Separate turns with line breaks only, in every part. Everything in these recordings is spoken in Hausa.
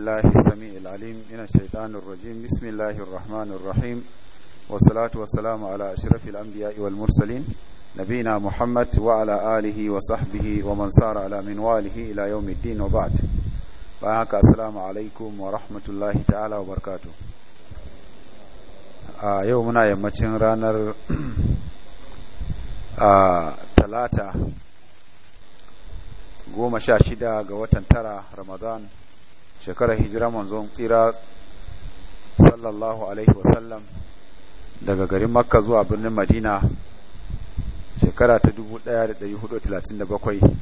بالله السميع العليم من الشيطان الرجيم بسم الله الرحمن الرحيم والصلاة والسلام على أشرف الأنبياء والمرسلين نبينا محمد وعلى آله وصحبه ومن سار على منواله إلى يوم الدين وبعد فهك السلام عليكم ورحمة الله تعالى وبركاته آه يومنا يمتشن رانر آه ثلاثة goma sha shida ga watan tara ramadan shekarar hijira manzon tsira sallallahu alaihi wasallam daga garin makka zuwa birnin madina shekara ta 1437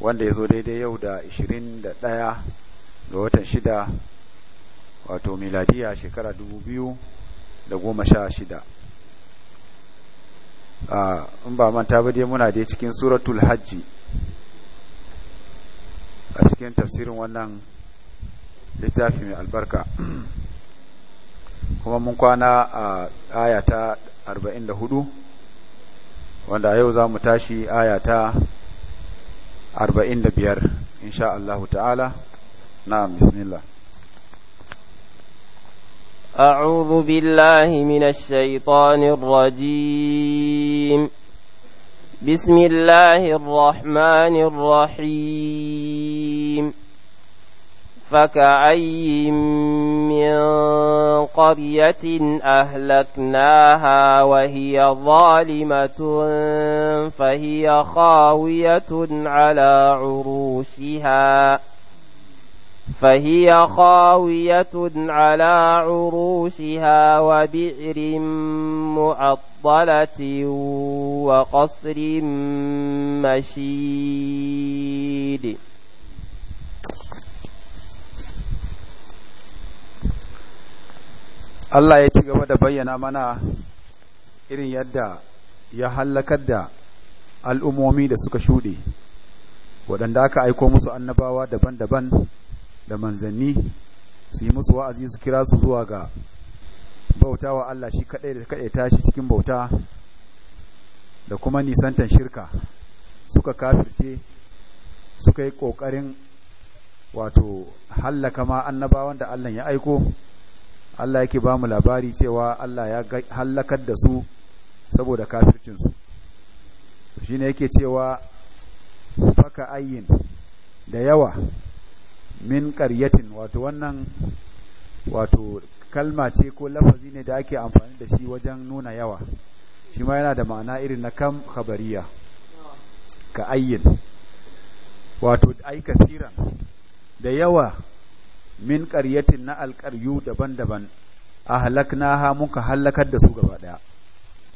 wanda ya zo daidai yau da 21 ga watan 6 wato miladiya shekara 2016 a in ba manta ba dai muna da cikin suratul hajji a cikin tafsirin wannan littafi mai albarka kuma mun kwana a aya ta 44 wanda yau za mu tashi aya ta 45 insha Allah ta'ala na'am bismillah
أعوذ بالله من الشيطان الرجيم بسم الله الرحمن الرحيم فكأي من قرية أهلكناها وهي ظالمة فهي خاوية على عروشها فهي خاوية على عروشها وبئر مؤطلة وقصر
مشيد Allah ya ci gaba da bayyana mana irin yadda ya hallakar da al'ummomi da suka shuɗe waɗanda aka aiko musu annabawa daban-daban da manzanni su yi musu wa'azi su kira su zuwa ga bauta wa Allah shi kaɗai da kaɗai tashi cikin bauta da kuma nisantan shirka suka kafirce suka yi ƙoƙarin wato hallaka ma annabawan da Allah ya aiko Allah yake ba mu labari cewa Allah ya hallakar da su saboda kafircinsu shi ne yake cewa faka ayyin da yawa min karyatin? wato wannan wato kalma ce ko lafazi ne da ake amfani da shi wajen nuna yawa shi ma yana da ma'ana irin na kam khabariya ka ayyin wato ai kafiran da yawa min ƙaryatin na alƙaryu daban-daban a halaknaha muka halakar da su gaba ɗaya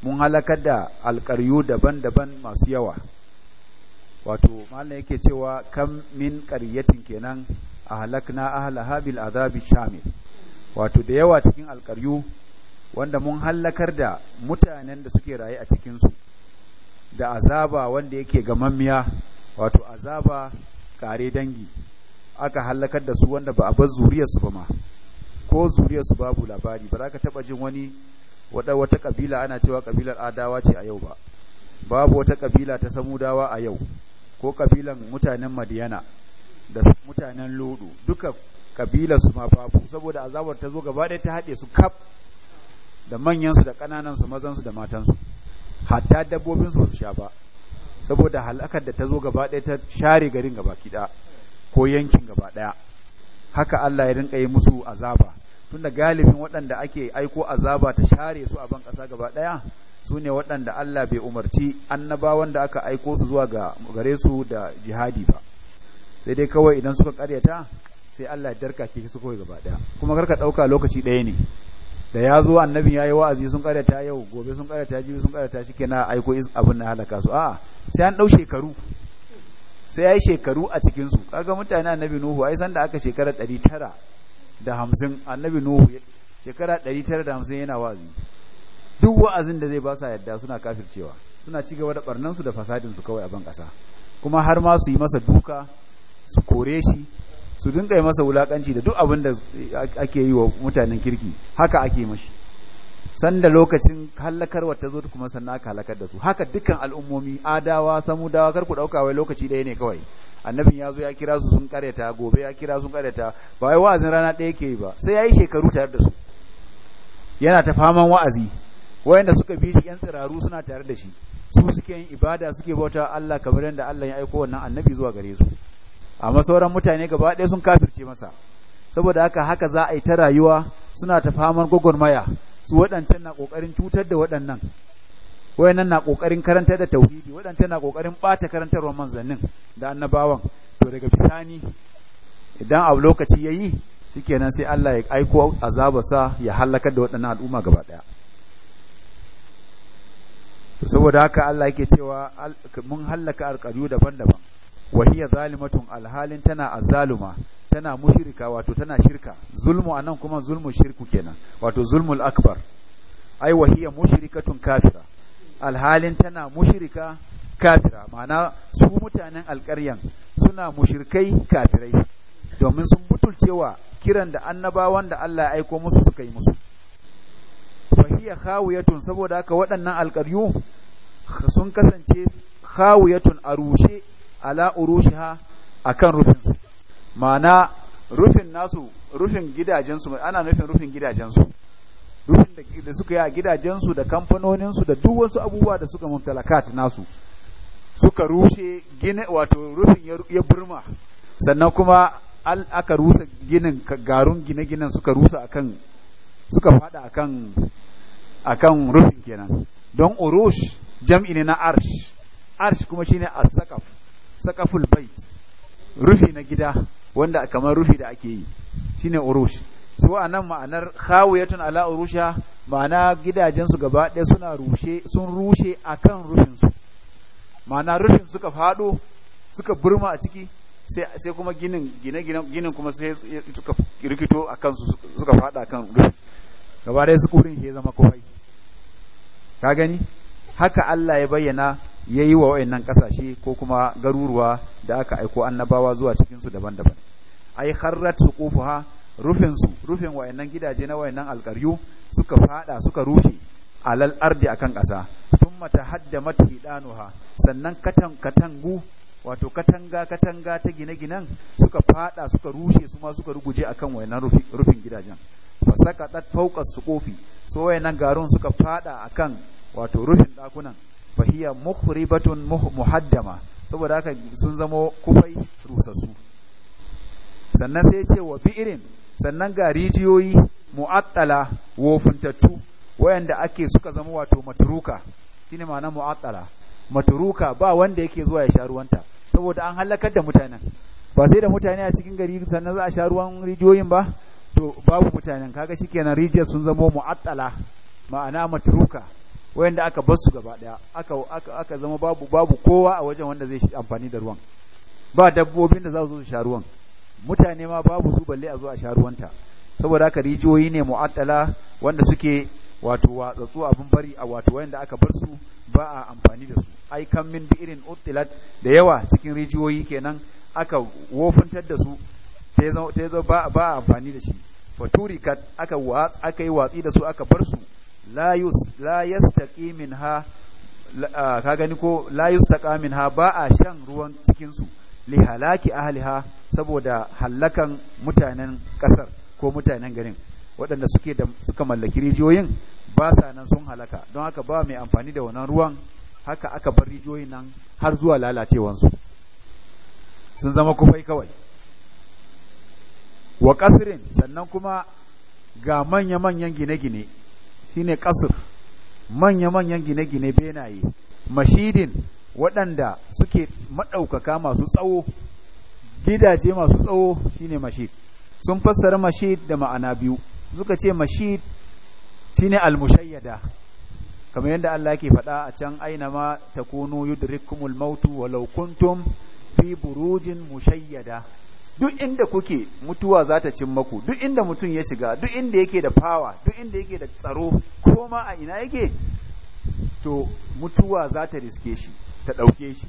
mun halakar da alƙaryu daban-daban masu yawa wato malam yake cewa kan min ƙaryatin kenan a halakna ahlaha bil azabi shamil wato da yawa cikin alƙaryu wanda mun halakar da mutanen da suke raye a cikinsu da azaba wanda yake gamammiya wato azaba ƙare dangi aka halakar da su wanda ba a bar zuriyarsu ba ma ko zuriyarsu babu labari ba za ka taɓa jin wani wata wata kabila ana cewa kabilar adawa ce a yau ba babu wata kabila ta samudawa a yau ko kabilan mutanen madiyana da mutanen lodo duka kabilar su ma babu saboda azabar ta zo gaba ɗaya ta haɗe su kaf da manyansu da ƙananansu mazansu da matansu hatta dabbobinsu ba su sha ba saboda halakar da ta zo gaba ɗaya ta share garin gaba kiɗa ko yankin gaba ɗaya haka Allah ya rinka yi musu azaba tunda galibin waɗanda ake aiko azaba ta share su a ban ƙasa gaba ɗaya su ne waɗanda Allah bai umarci annabawan da aka aiko su zuwa ga gare su da jihadi ba sai dai kawai idan suka ƙaryata sai Allah ya darkake su kawai gaba ɗaya kuma karka ɗauka lokaci ɗaya ne da ya zo annabin ya yi wa'azi sun karyata yau gobe sun ƙaryata jibi sun ƙaryata shi kenan aiko abin na halaka su a'a sai an ɗau shekaru sai ya yi shekaru a cikinsu kaga mutane annabi nuhu ai sanda aka shekara 950 annabi nuhu shekara 950 yana wa'azi duk wa'azin da zai ba sa yadda suna kafircewa suna ci gaba da barnansu da fasadinsu kawai a ban ƙasa kuma har ma su yi masa duka su kore shi su dinga yi masa wulakanci da duk abin da ake yi wa mutanen kirki haka ake mashi sanda lokacin halakarwa ta zo kuma sannan aka halakar da su haka dukkan al'ummomi adawa samudawa kar ku dauka wai lokaci ɗaya ne kawai annabin ya zo ya kira su sun kareta gobe ya kira sun kareta ba wai wa'azin rana ɗaya ke yi ba sai ya yi shekaru tare da su yana ta faman wa'azi wayanda suka bi shi yan tsiraru suna tare da shi su suke yin ibada suke bauta Allah kamar yadda Allah ya aiko wannan annabi zuwa gare su amma sauran mutane gaba ɗaya sun kafirce masa saboda haka haka za a yi ta rayuwa suna ta faman gwagwarmaya su waɗancan na ƙoƙarin cutar da waɗannan wayannan na ƙoƙarin karantar da tauhidi waɗancan na ƙoƙarin ɓata karantarwar manzannin da annabawan to daga bisani idan a lokaci ya yi shikenan sai Allah ya aiko azabarsa ya hallakar da waɗannan al'umma gaba ɗaya saboda haka Allah yake cewa mun hallaka alƙaryu daban-daban wa hiya zalimatun alhalin tana azzaluma tana mushrika wato tana shirka zulmu anan kuma zulmu shirku kenan wato zulmul akbar ai wa hiya mushrikatun kafira alhalin tana mushrika kafira ma'ana su mutanen alƙaryan suna mushrikai kafirai domin sun butulcewa kiran da annabawan da Allah ya aiko musu suka yi musu wa hiya khawiyatun saboda haka waɗannan alƙaryu sun kasance khawiyatun a rushe ala urushiha akan rufinsu ma'ana rufin nasu rufin gidajensu ana nufin rufin gidajensu rufin da suka yi a gidajensu da kamfanoninsu da duk wasu abubuwa da suka mumtalakat nasu suka rushe gine wato rufin ya burma sannan kuma aka rusa ginin garun gine-ginen suka rusa akan suka fada akan akan rufin kenan don urush jam'i ne na arsh arsh kuma shine as-saqaf saqaful bait rufi na gida wanda kamar rufi da ake yi shine urush su a nan ma'anar khawiyatun ala urusha ma'ana gidajensu gaba ɗaya suna rushe sun rushe akan rufinsu ma'ana rufin suka faɗo suka burma a ciki sai kuma ginin gine ginin kuma sai suka rikito a kansu suka faɗa a kan rufin gaba ɗaya suka wurin ya zama kawai ka gani haka Allah ya bayyana ya yi wa wayannan ƙasashe ko kuma garuruwa da aka aiko annabawa zuwa cikinsu daban-daban ai kharrat suqufuha rufin rufinsu, rufin wayannan gidaje na wayannan alƙaryu suka fada suka rushe alal ardi akan ƙasa thumma tahaddamat hidanuha sannan katangu wato katanga katanga ta gine-ginen suka fada suka rushe su ma suka ruguje akan wayannan rufin gidajen fasaqatat fawqa suqufi so wayannan garun suka fada akan wato rufin ɗakunan. fahiya mukhribatun muhaddama saboda haka sun zamo kufai rusassu sannan sai ce wa bi'irin sannan ga rijiyoyi mu'attala wofuntattu wayanda ake suka zama wato matruka shine ma'ana mu'attala matruka ba wanda yake zuwa ya sha ruwanta saboda an halakar da mutanen ba sai da mutane a cikin gari sannan za a sha ruwan rijiyoyin ba to babu mutanen kaga kenan rijiyar sun zamo mu'attala ma'ana maturuka. wayanda aka bar su gaba daya aka aka zama babu babu kowa a wajen wanda zai amfani da ruwan ba dabbobin da za su sha ruwan mutane ma babu su balle a zo a sha ruwanta saboda haka rijiyoyi ne mu'attala wanda suke wato watsatsu abin bari a wato wayanda aka bar su ba a amfani da su ai kan min bi irin uttilat da yawa cikin rijiyoyi kenan aka wofuntar da su ta zo ba a amfani da shi faturikat aka aka yi watsi da su aka bar su la yastaqi ah, ka gani ko la yustaqa ba a shan ruwan cikinsu li halaki ahliha saboda hallakan mutanen kasar ko mutanen garin waɗanda da suka mallaki rijiyoyin ba sa nan sun halaka don haka ba mai amfani da wannan ruwan haka aka bar rijiyoyin nan har zuwa lalacewansu sun zama kufai kawai wa kasrin sannan kuma ga manya-manyan gine-gine shine kasir manya-manyan gine-gine benaye mashidin waɗanda suke maɗaukaka masu tsawo gidaje masu tsawo shine mashid sun fassara mashid da ma'ana biyu suka ce mashid shine almushayyada kamar yadda Allah ke faɗa a can aina ma takunu yudrikumul mautu walau kuntum fi burujin mushayyada duk inda kuke mutuwa za ta cin maku duk inda mutum ya shiga duk inda yake da fawa duk inda yake da tsaro koma a ina yake to mutuwa za ta riske shi ta ɗauke shi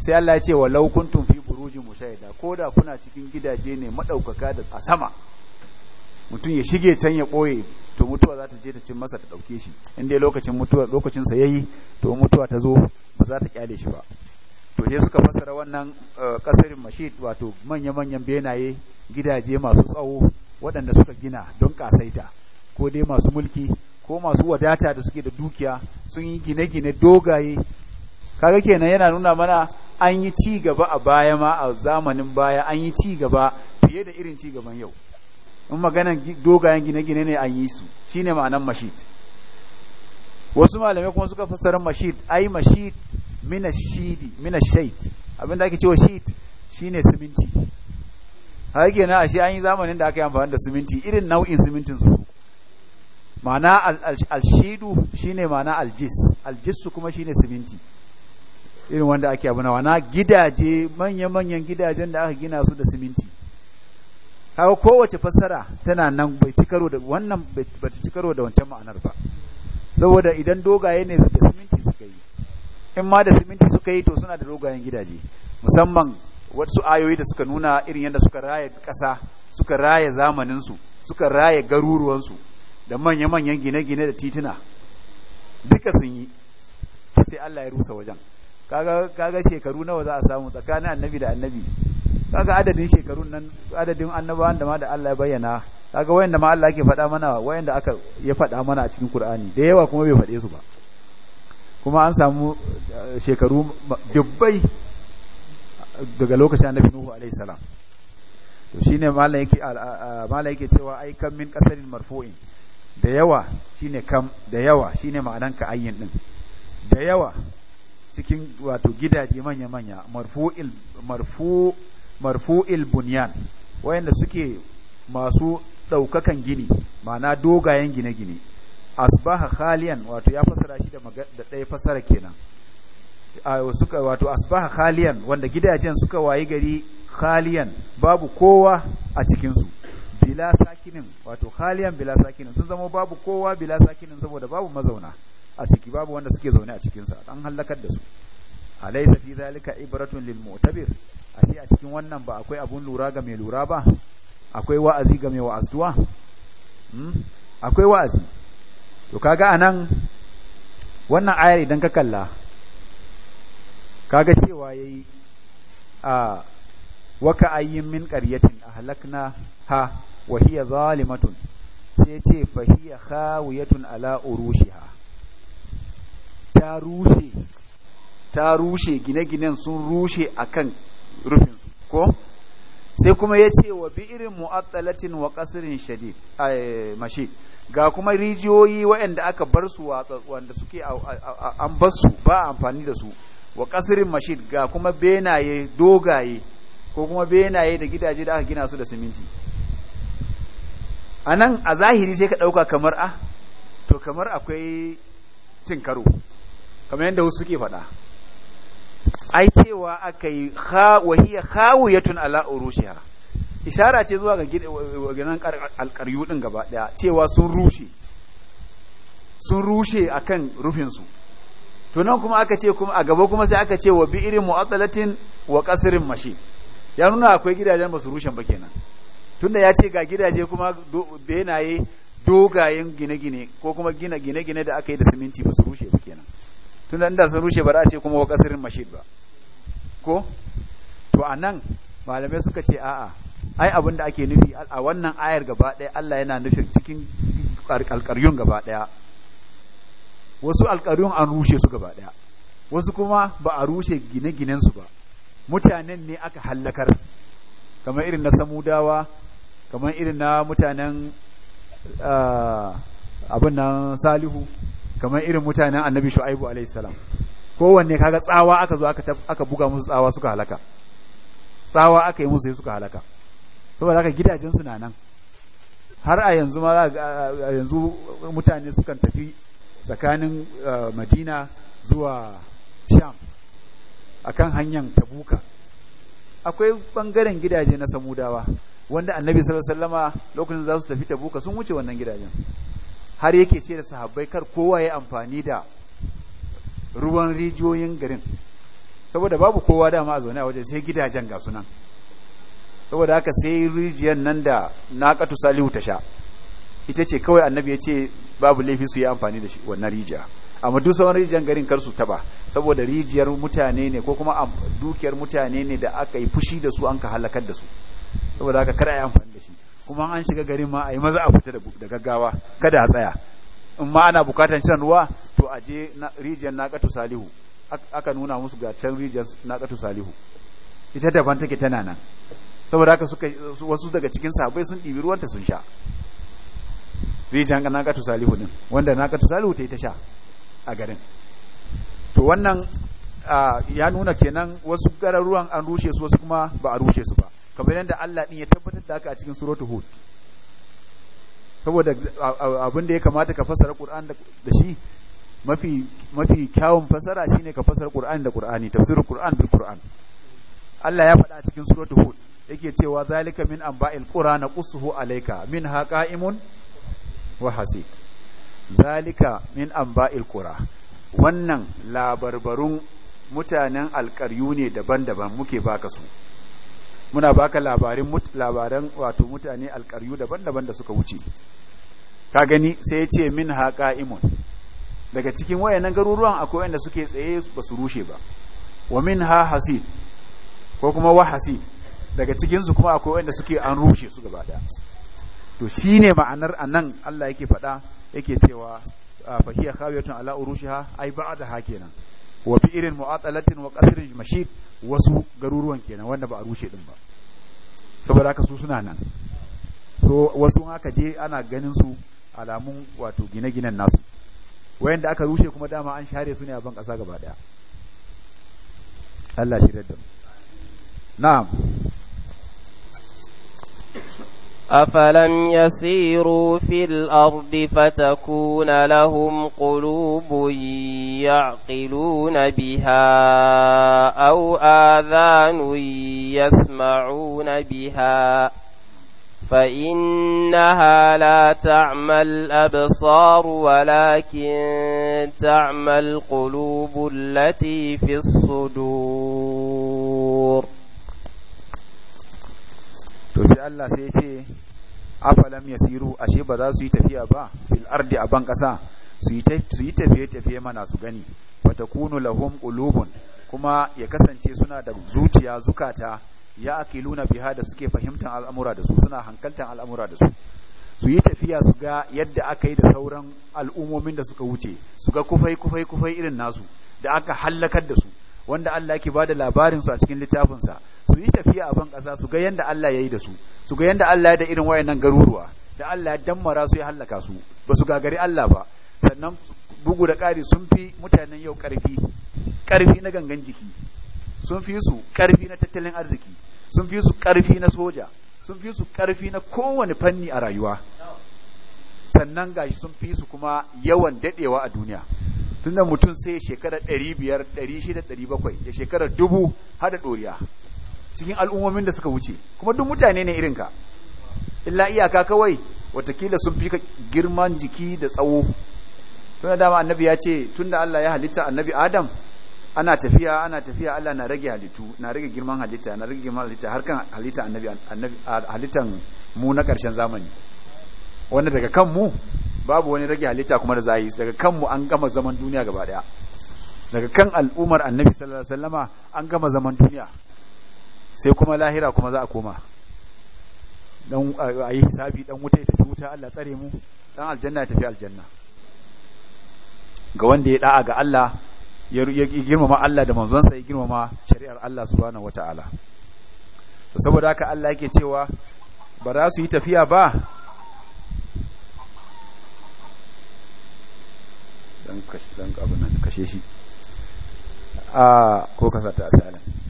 sai Allah ya ce wa laukuntun fi buruji mushahida ko da kuna cikin gidaje ne maɗaukaka da a sama mutum ya shige can ya ɓoye to mutuwa za ta je ta cin masa ta ɗauke shi in dai lokacin mutuwa lokacin sa yayi to mutuwa ta zo ba za ta kyale shi ba to sai suka fassara wannan kasarin eh, mashid wato manya-manyan benaye gidaje masu tsawo waɗanda suka gina don kasaita ko dai masu mulki ko masu wadata da suke da dukiya sun yi gine-gine dogaye kaga kenan yana nuna mana an yi ci gaba a baya ma a zamanin baya an yi ci gaba fiye da irin ci gaban yau in maganan dogayen gine-gine ne an yi su shine ma'anan mashid wasu malamai kuma suka fassara mashid ai mashid mina shidi mina shait abinda ake cewa shit shine siminti haka kenan shi an yi zamanin da aka yi amfani da siminti irin nau'in simintin su ma'ana alshidu shine ma'ana aljis aljisu kuma shine siminti irin wanda ake abu na gidaje manya-manyan gidajen da aka gina su da siminti kawo kowace fassara tana nan bai ci karo da wannan bai ci karo da wancan ma'anar ba saboda idan dogaye ne da siminti suka yi in ma da siminti suka yi to suna da dogayen gidaje musamman wasu ayoyi da suka nuna irin yadda suka raya ƙasa suka raya zamaninsu suka raya garuruwansu da manya-manyan gine-gine da tituna duka sun yi sai Allah ya rusa wajen kaga shekaru nawa za a samu tsakanin annabi da annabi kaga adadin shekarun nan adadin annabawan da ma da Allah ya bayyana kaga wayanda ma Allah yake faɗa mana wayanda aka ya faɗa mana a cikin Qur'ani da yawa kuma bai faɗe su ba kuma an samu eh, shekaru dubbai daga lokacin annabi nuhu alaihi salam to shine malai yake malai yake cewa ai kam min qasarin marfu'in da yawa shine kam da yawa shine ma'anan ka ayyin din da yawa cikin wato gidaje manya manya marfu'il marfu marfu'il bunyan wayanda suke masu daukakan gini ma'ana dogayen gine-gine asbaha khaliyan wato ya fasara shi da da ɗaya fasara kenan suka wato asbaha khaliyan wanda gidajen suka wayi gari khaliyan babu kowa a cikinsu bila sakinin wato khaliyan bila sakinin sun zama babu kowa bila sakinin saboda babu mazauna a ciki babu wanda suke zaune a cikinsa an halakar da su alaysa fi zalika ibratun lil mu'tabir ashe a cikin wannan ba akwai abun lura ga mai lura ba akwai wa'azi ga mai wa'astuwa hmm? akwai wa'azi to kaga anan wannan ayar idan ka kalla kaga cewa yayi a waka ayyin min qaryatin ahlakna ha wa hiya zalimatun sai ce fa hiya khawiyatun ala urushiha ta rushe ta rushe gine-ginen sun rushe akan rufin ko sai kuma ya ce wa bi'irin mu'attalatin wa kasirin shadid mashi ga kuma rijiyoyi waɗanda aka bar su wanda suke an bar su ba amfani da su wa kasirin mashid ga kuma benaye dogaye ko kuma benaye da gidaje da aka gina su da siminti a nan a zahiri sai ka ɗauka kamar a ah, to kamar akwai cin karo kamar yadda wasu suke faɗa ai cewa aka yi wa tun khawiyatun rushe urushiha ishara ce zuwa ga gidan alkaryu din gaba daya cewa sun rushe sun rushe akan kan rufinsu to kuma aka ce a gaba kuma sai aka ce wa bi irin mu'adalatin wa qasrin mashi ya nuna akwai gidajen ba su rushe ba kenan tunda ya ce ga gidaje kuma benaye dogayen gine-gine ko kuma gine-gine da aka yi da siminti ba su rushe ba kenan da inda sun rushe ba za a ce kuma wa kasirin mashid ba ko to a nan malamai suka ce a'a ai abin ake nufi a wannan ayar gaba ɗaya Allah yana nufin cikin alƙaryun gaba ɗaya wasu alƙaryun an rushe su gaba ɗaya wasu kuma ba a rushe gine ginen su ba mutanen ne aka hallakar kamar irin na samudawa kamar irin na mutanen ah, abin nan salihu kamar irin mutanen annabi shu'aibu alaihi salam kowanne kaga tsawa aka zo aka buga musu tsawa suka halaka tsawa aka yi musu sai suka halaka saboda haka gidajen su na nan har a yanzu ma yanzu mutane sukan tafi tsakanin uh, Madina zuwa Sham akan hanyar Tabuka akwai bangaren gidaje na Samudawa wanda Annabi sallallahu alaihi wasallama lokacin za su tafi Tabuka sun wuce wannan gidajen har yake ce da sahabbai kar kowa ya amfani da ruwan rijiyoyin garin saboda babu kowa dama a zaune a wajen sai gidajen ga sunan saboda haka sai rijiyar nan da naqatu salihu ta sha ita ce kawai annabi ya ce babu laifi su yi amfani da wannan rijiya amma duk sauran rijiyar garin kar su taba saboda rijiyar mutane ne ko kuma dukiyar mutane ne da aka yi fushi da su an ka halakar da su saboda haka kar a yi amfani kuma an shiga garin ma a yi maza a fita da gaggawa kada a tsaya in ma ana bukatan shan ruwa to a je rijiyar naƙatu salihu aka nuna musu ga can rijiyar naƙatu salihu ita daban take tana nan saboda haka suka wasu daga cikin sabai sun ɗibi ruwanta sun sha rijiyar naƙatu salihu din wanda naƙatu salihu ta yi ta sha a garin to wannan ya nuna kenan wasu gararruwan an rushe su wasu kuma ba a rushe su ba kamar yadda Allah ɗin ya tabbatar da haka a cikin suratul hud saboda abin da ya kamata ka fasara Qur'an da shi mafi kyawun fasara shine ka fasara Qur'an da Qur'ani tafsirul Qur'an bil Qur'an Allah ya faɗa a cikin suratul hud yake cewa zalika min anba'il qura naqussuhu alayka minha qa'imun wa hasid zalika min anba'il qura wannan labarbarun mutanen alƙaryu ne daban-daban muke baka su muna baka labarin labaran wato mutane alƙaryu daban-daban da suka wuce ka gani sai ya ce min haƙa imun daga cikin wayannan garuruwan akwai wanda suke tsaye ba su rushe ba wa min ha hasid ko kuma wa hasid daga cikinsu kuma akwai wanda suke an rushe su gaba da to shine ma'anar anan Allah yake faɗa yake cewa fahiya khawiyatun ala urushiha ai ba'da ha kenan wa irin mu'atsalatin wa qasrin mashid wasu garuruwan kenan wanda ba a rushe din ba saboda haka su suna nan so wasu haka je ana ganin su alamun wato gine-ginen nasu wayan da aka rushe kuma dama an share su ne a ban kasa gaba daya Allah
أفلم يسيروا في الأرض فتكون لهم قلوب يعقلون بها أو آذان يسمعون بها فإنها لا تعمى الأبصار ولكن تعمى القلوب التي في الصدور
to sai Allah sai ya ce afalam yasiru ashe ba za su yi tafiya ba fil ardi a ban kasa su yi tafiye tafiye mana su gani fatakunu lahum qulubun kuma ya kasance suna da zuciya zukata ya aqiluna biha da suke fahimtar al'amura da su suna hankaltan al'amura da su su yi tafiya su ga yadda aka yi da sauran al'umomin da suka wuce su ga kufai kufai kufai irin nasu da aka hallakar da su wanda Allah yake bada labarin su a cikin littafinsa su yi tafiya a ban ƙasa su ga yadda Allah ya yi da su su ga yadda Allah ya da irin wayannan garuruwa da Allah ya dammara su ya hallaka su ba su gagari Allah ba sannan bugu da ƙari sun fi mutanen yau ƙarfi ƙarfi na gangan jiki sun fi su ƙarfi na tattalin arziki sun fi su ƙarfi na soja sun fi su ƙarfi na kowane fanni a rayuwa sannan gashi sun fi su kuma yawan daɗewa a duniya tunda mutum sai shekara 500 600 700 ya shekara dubu hada ɗoriya cikin al'ummomin da suka wuce kuma duk mutane ne irinka illa iyaka kawai watakila sun fi girman jiki da tsawo tunda dama annabi ya ce tun da Allah ya halitta annabi Adam ana tafiya ana tafiya Allah na rage halittu na rage girman halitta na rage girman halitta har kan halitta annabi annabi halittan mu na karshen zamani wanda daga kan mu babu wani rage halitta kuma da zai daga kan mu an gama zaman duniya gaba daya daga kan al'umar annabi sallallahu alaihi wasallama an gama zaman duniya sai kuma lahira kuma za a koma a yi hisabi dan wuta ya tafi wuta Allah tsare mu dan aljanna ya tafi aljanna ga wanda ya da'a ga Allah ya girmama Allah da manzonsa ya girmama shari'ar Allah subhanahu wataala to saboda haka Allah yake cewa ba za su yi tafiya ba dan kashe shi ah, a ta asalin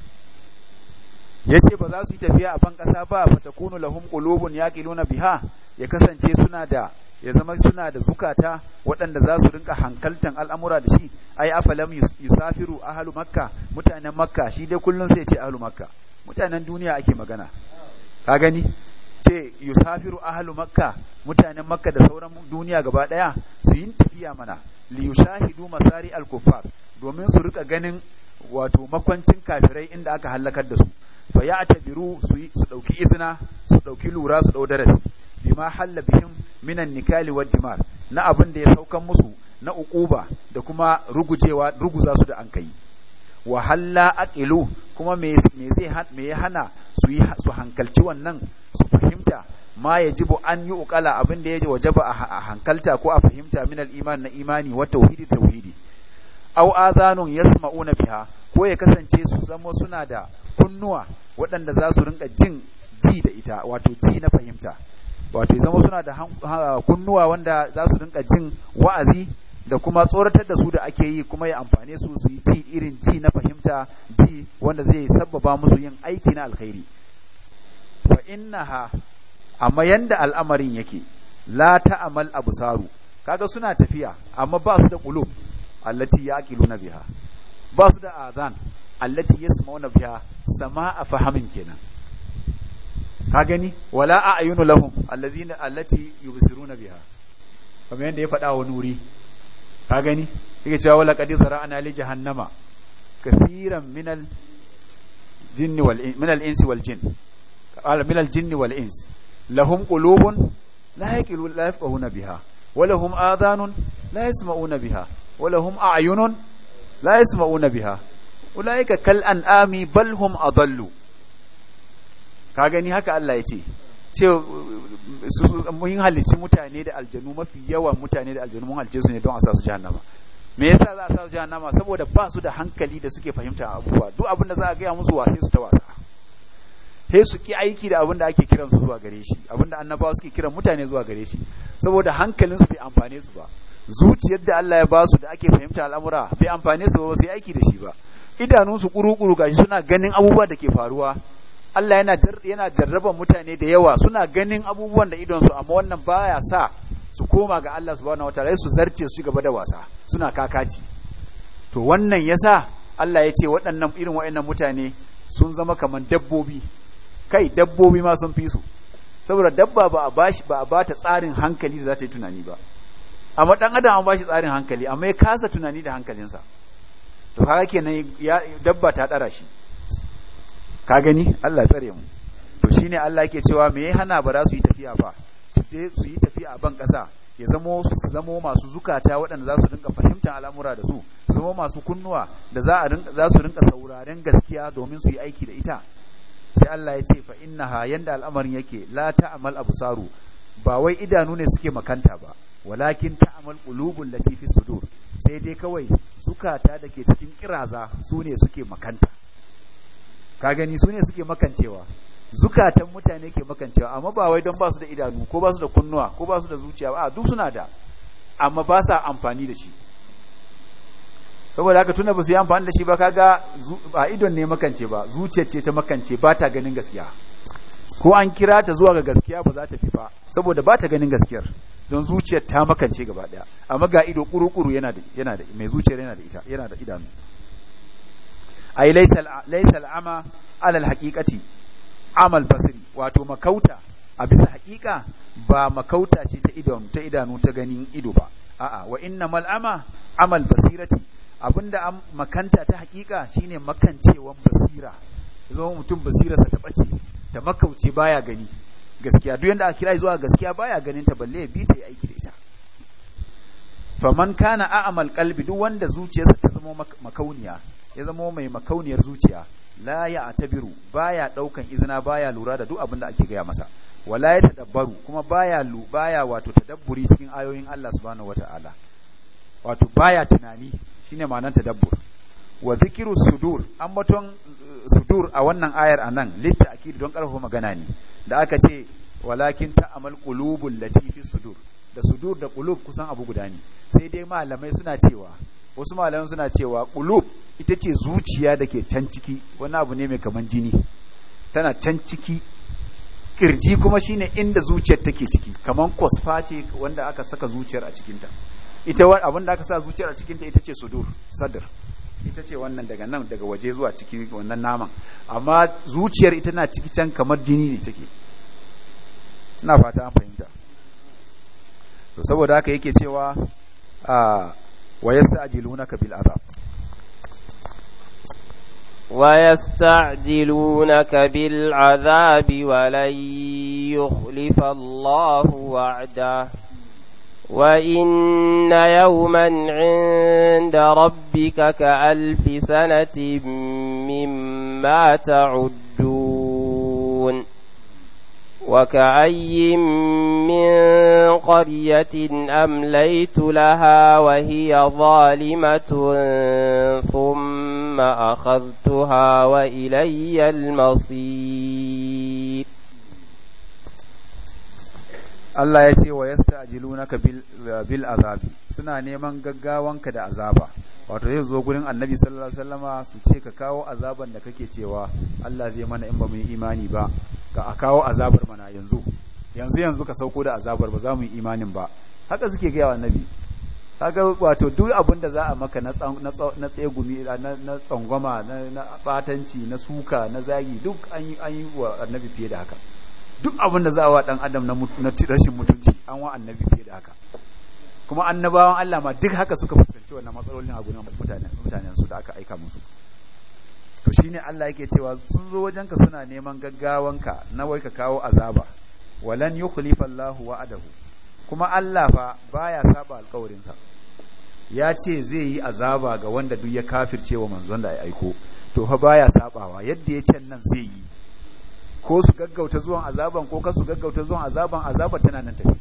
yace ba za su yi tafiya a ban kasa ba kunu lahum qulubun yaqiluna biha ya kasance suna da ya zama suna da zukata waɗanda za su rinka hankaltan al'amura da shi ai afalam yusafiru ahlu makka mutanen makka shi dai kullun sai ce ahlu makka mutanen duniya ake magana ka gani ce yusafiru ahlu makka mutanen makka da sauran duniya gaba ɗaya su yi tafiya mana li yushahidu masari al-kuffar domin su rika ganin wato makwancin kafirai inda aka halakar da su fa ya ya'tabiru su ɗauki izina su ɗauki lura su ɗau darasi bima halla bihim minan nikali wa dimar na abin da ya saukan musu na uquba da kuma rugujewa ruguza su da kai wa halla aqilu kuma me zai me ya hana su yi su hankalci wannan su fahimta ma yajibu an yi uqala abin da ya wajaba a hankalta ko a fahimta min al iman na imani wa tauhidi tauhidi aw adhanun yasma'una biha ko ya kasance su zama suna da kunnuwa waɗanda za su rinka jin ji da ita wato ji na fahimta wato zama suna da kunnuwa wanda za su rinka jin wa'azi da kuma tsoratar da su da ake yi kuma ya amfane su su yi ji irin ji na fahimta ji wanda zai sabbaba musu yin aiki na alkhairi fa innaha amma yanda al'amarin yake la ta'amal Ka kaga suna tafiya amma ba su da qulub allati yaqiluna biha ba su da azan allati yasmauna biha sama'a fahamin kenan ka gani wala a'yunu lahum allazina allati yubsiruna biha kamar yadda ya faɗa wa nuri ka gani yake cewa wala qad zara'na li jahannama kaseeran min al jinni wal minal al insi wal jin qala min al jinni wal ins lahum qulubun la yaqilu la yafqahuna biha wa lahum adhanun la yasma'una biha wa lahum a'yunun la yasma'una biha ulaika kal an'ami bal hum adallu ka gani haka Allah ya ce ce mun halicci mutane da aljanu mafi yawa mutane da aljanu mun halicce su ne don a sa su jahannama me yasa za a sa su jahannama saboda ba su da hankali da suke fahimta abubuwa duk abin da za a gaya musu wasai su ta wasa sai su ki aiki da abin da ake kiran su zuwa gare shi abin da annabawa suke kiran mutane zuwa gare shi saboda hankalin su bai amfane su ba zuciyar da Allah ya ba su da ake fahimta al'amura bai amfane su ba sai aiki da shi ba idanunsu kuru-kuru gashi suna ganin abubuwa da ke faruwa Allah yana yana jarraban mutane da yawa suna ganin abubuwan da idonsu amma wannan baya sa su koma ga Allah subhanahu wataala su zarce su gaba da wasa suna kakaci to wannan yasa Allah ya ce waɗannan irin waɗannan mutane sun zama kaman dabbobi kai dabbobi ma sun fi su saboda dabba ba a bashi ba a bata tsarin hankali da za ta yi tunani ba amma dan adam an bashi tsarin hankali amma ya kasa tunani da hankalinsa to kaga kenan ya dabba ta tsara shi ka gani Allah tsare mu to shine Allah yake cewa me ya hana ba za su yi tafiya ba su yi tafiya a ban kasa ya zamo su zamo masu zukata waɗanda za su rinka fahimtar al'amura da su su zama masu kunnuwa da za a za su rinka sauraren gaskiya domin su yi aiki da ita sai Allah ya ce fa innaha yanda al'amarin yake la ta'mal absaru ba wai idanu ne suke makanta ba walakin ta'mal qulubul lati fi sudur sai dai kawai zukata da ke cikin kiraza su ne suke makanta ka gani su ne suke makancewa zukatan mutane ke makancewa amma ba wai don ba su da idanu ko ba su da kunnuwa ko ba su da zuciya ba duk suna da amma ba sa amfani da shi saboda haka tunda ba su yi amfani da shi ba kaga a idon ne makance ba zuciyar ce ta makance ba ta ganin gaskiya ko an kira ta zuwa ga gaskiya ba za ta fi ba saboda ba ta ganin gaskiyar don zuciyar ta makance gaba daya amma ga ido kurukuru yana da yana da mai zuciyar yana da ita yana da idanu ai laysa laysa al'ama ala alhaqiqati amal basri wato makauta a bisa haƙiƙa ba makauta ce ta idanu ta idanu ta ganin ido ba a'a wa innamal ama amal basirati abinda am makanta ta haƙiƙa shine makancewan basira zo mutum basirarsa ta bace ta makauce baya gani gaskiya duk yanda aka kira zuwa gaskiya baya ganin ta balle ya bi ta yi aiki da ita faman kana a'mal qalbi duk wanda zuciyarsa ta zama makauniya ya zama mai makauniyar zuciya la ya atabiru baya daukan izina baya lura da duk abin da ake gaya masa wala ya tadabbaru kuma baya lu baya wato tadabburi cikin ayoyin Allah subhanahu wataala wato baya tunani shine ma'anar tadabbur wa zikiru sudur ambaton eh, sudur a wannan ayar anan litta akid don karfafa magana ne da aka ce walakin ta'amal qulubul latifi sudur da sudur da Kulub kusan abu guda ne sai dai malamai suna cewa wasu malamai suna cewa Kulub ita ce zuciya da ke can ciki wani abu ne mai kamar jini tana can ciki kirji kuma shine inda zuciyar take ciki kaman kosfa ce wanda aka saka zuciyar a cikinta ita abin da aka sa zuciyar a cikinta ita ce sudur sadr ita ce wannan daga nan daga waje zuwa ciki wannan naman amma zuciyar ita na ciki can kamar jini ne take ina fata an fahimta to saboda haka yake cewa wa yasta'jilunaka bil azab ويستعجلونك
بالعذاب ولن يخلف الله وعده وإن يوما عند ربك كألف سنة مما تعدون وكأي من قرية أمليت لها وهي ظالمة ثم أخذتها وإلي
المصير Allah ya ce wa yasta'jilunaka bil bil azabi suna neman gaggawanka da azaba wato zai zo gurin Annabi sallallahu alaihi wasallama su ce ka kawo azaban da kake cewa Allah zai mana in ba mu yi imani ba ka a kawo azabar mana yanzu yanzu yanzu ka sauko da azabar ba za mu yi imanin ba haka suke ga Annabi kaga wato duk abin da za a maka na tsegumi na tsangwama na batanci na suka na zagi duk an yi wa Annabi fiye da haka duk abin da za a wa dan adam na rashin mutunci an wa annabi fiye da haka kuma annabawan Allah ma duk haka suka fuskanci wannan matsalolin a gurin mutanen su da aka aika musu to shine Allah yake cewa sun zo wajenka suna neman gaggawanka na wai ka kawo azaba walan yukhlifa Allahu wa'adahu kuma Allah fa baya saba alƙawarinsa ya ce zai yi azaba ga wanda duk ya kafirce wa manzon da ya aiko to fa baya sabawa yadda ya ce nan zai yi ko su gaggauta zuwan azaban ko kasu gaggauta zuwan azaban azabar tana nan tafi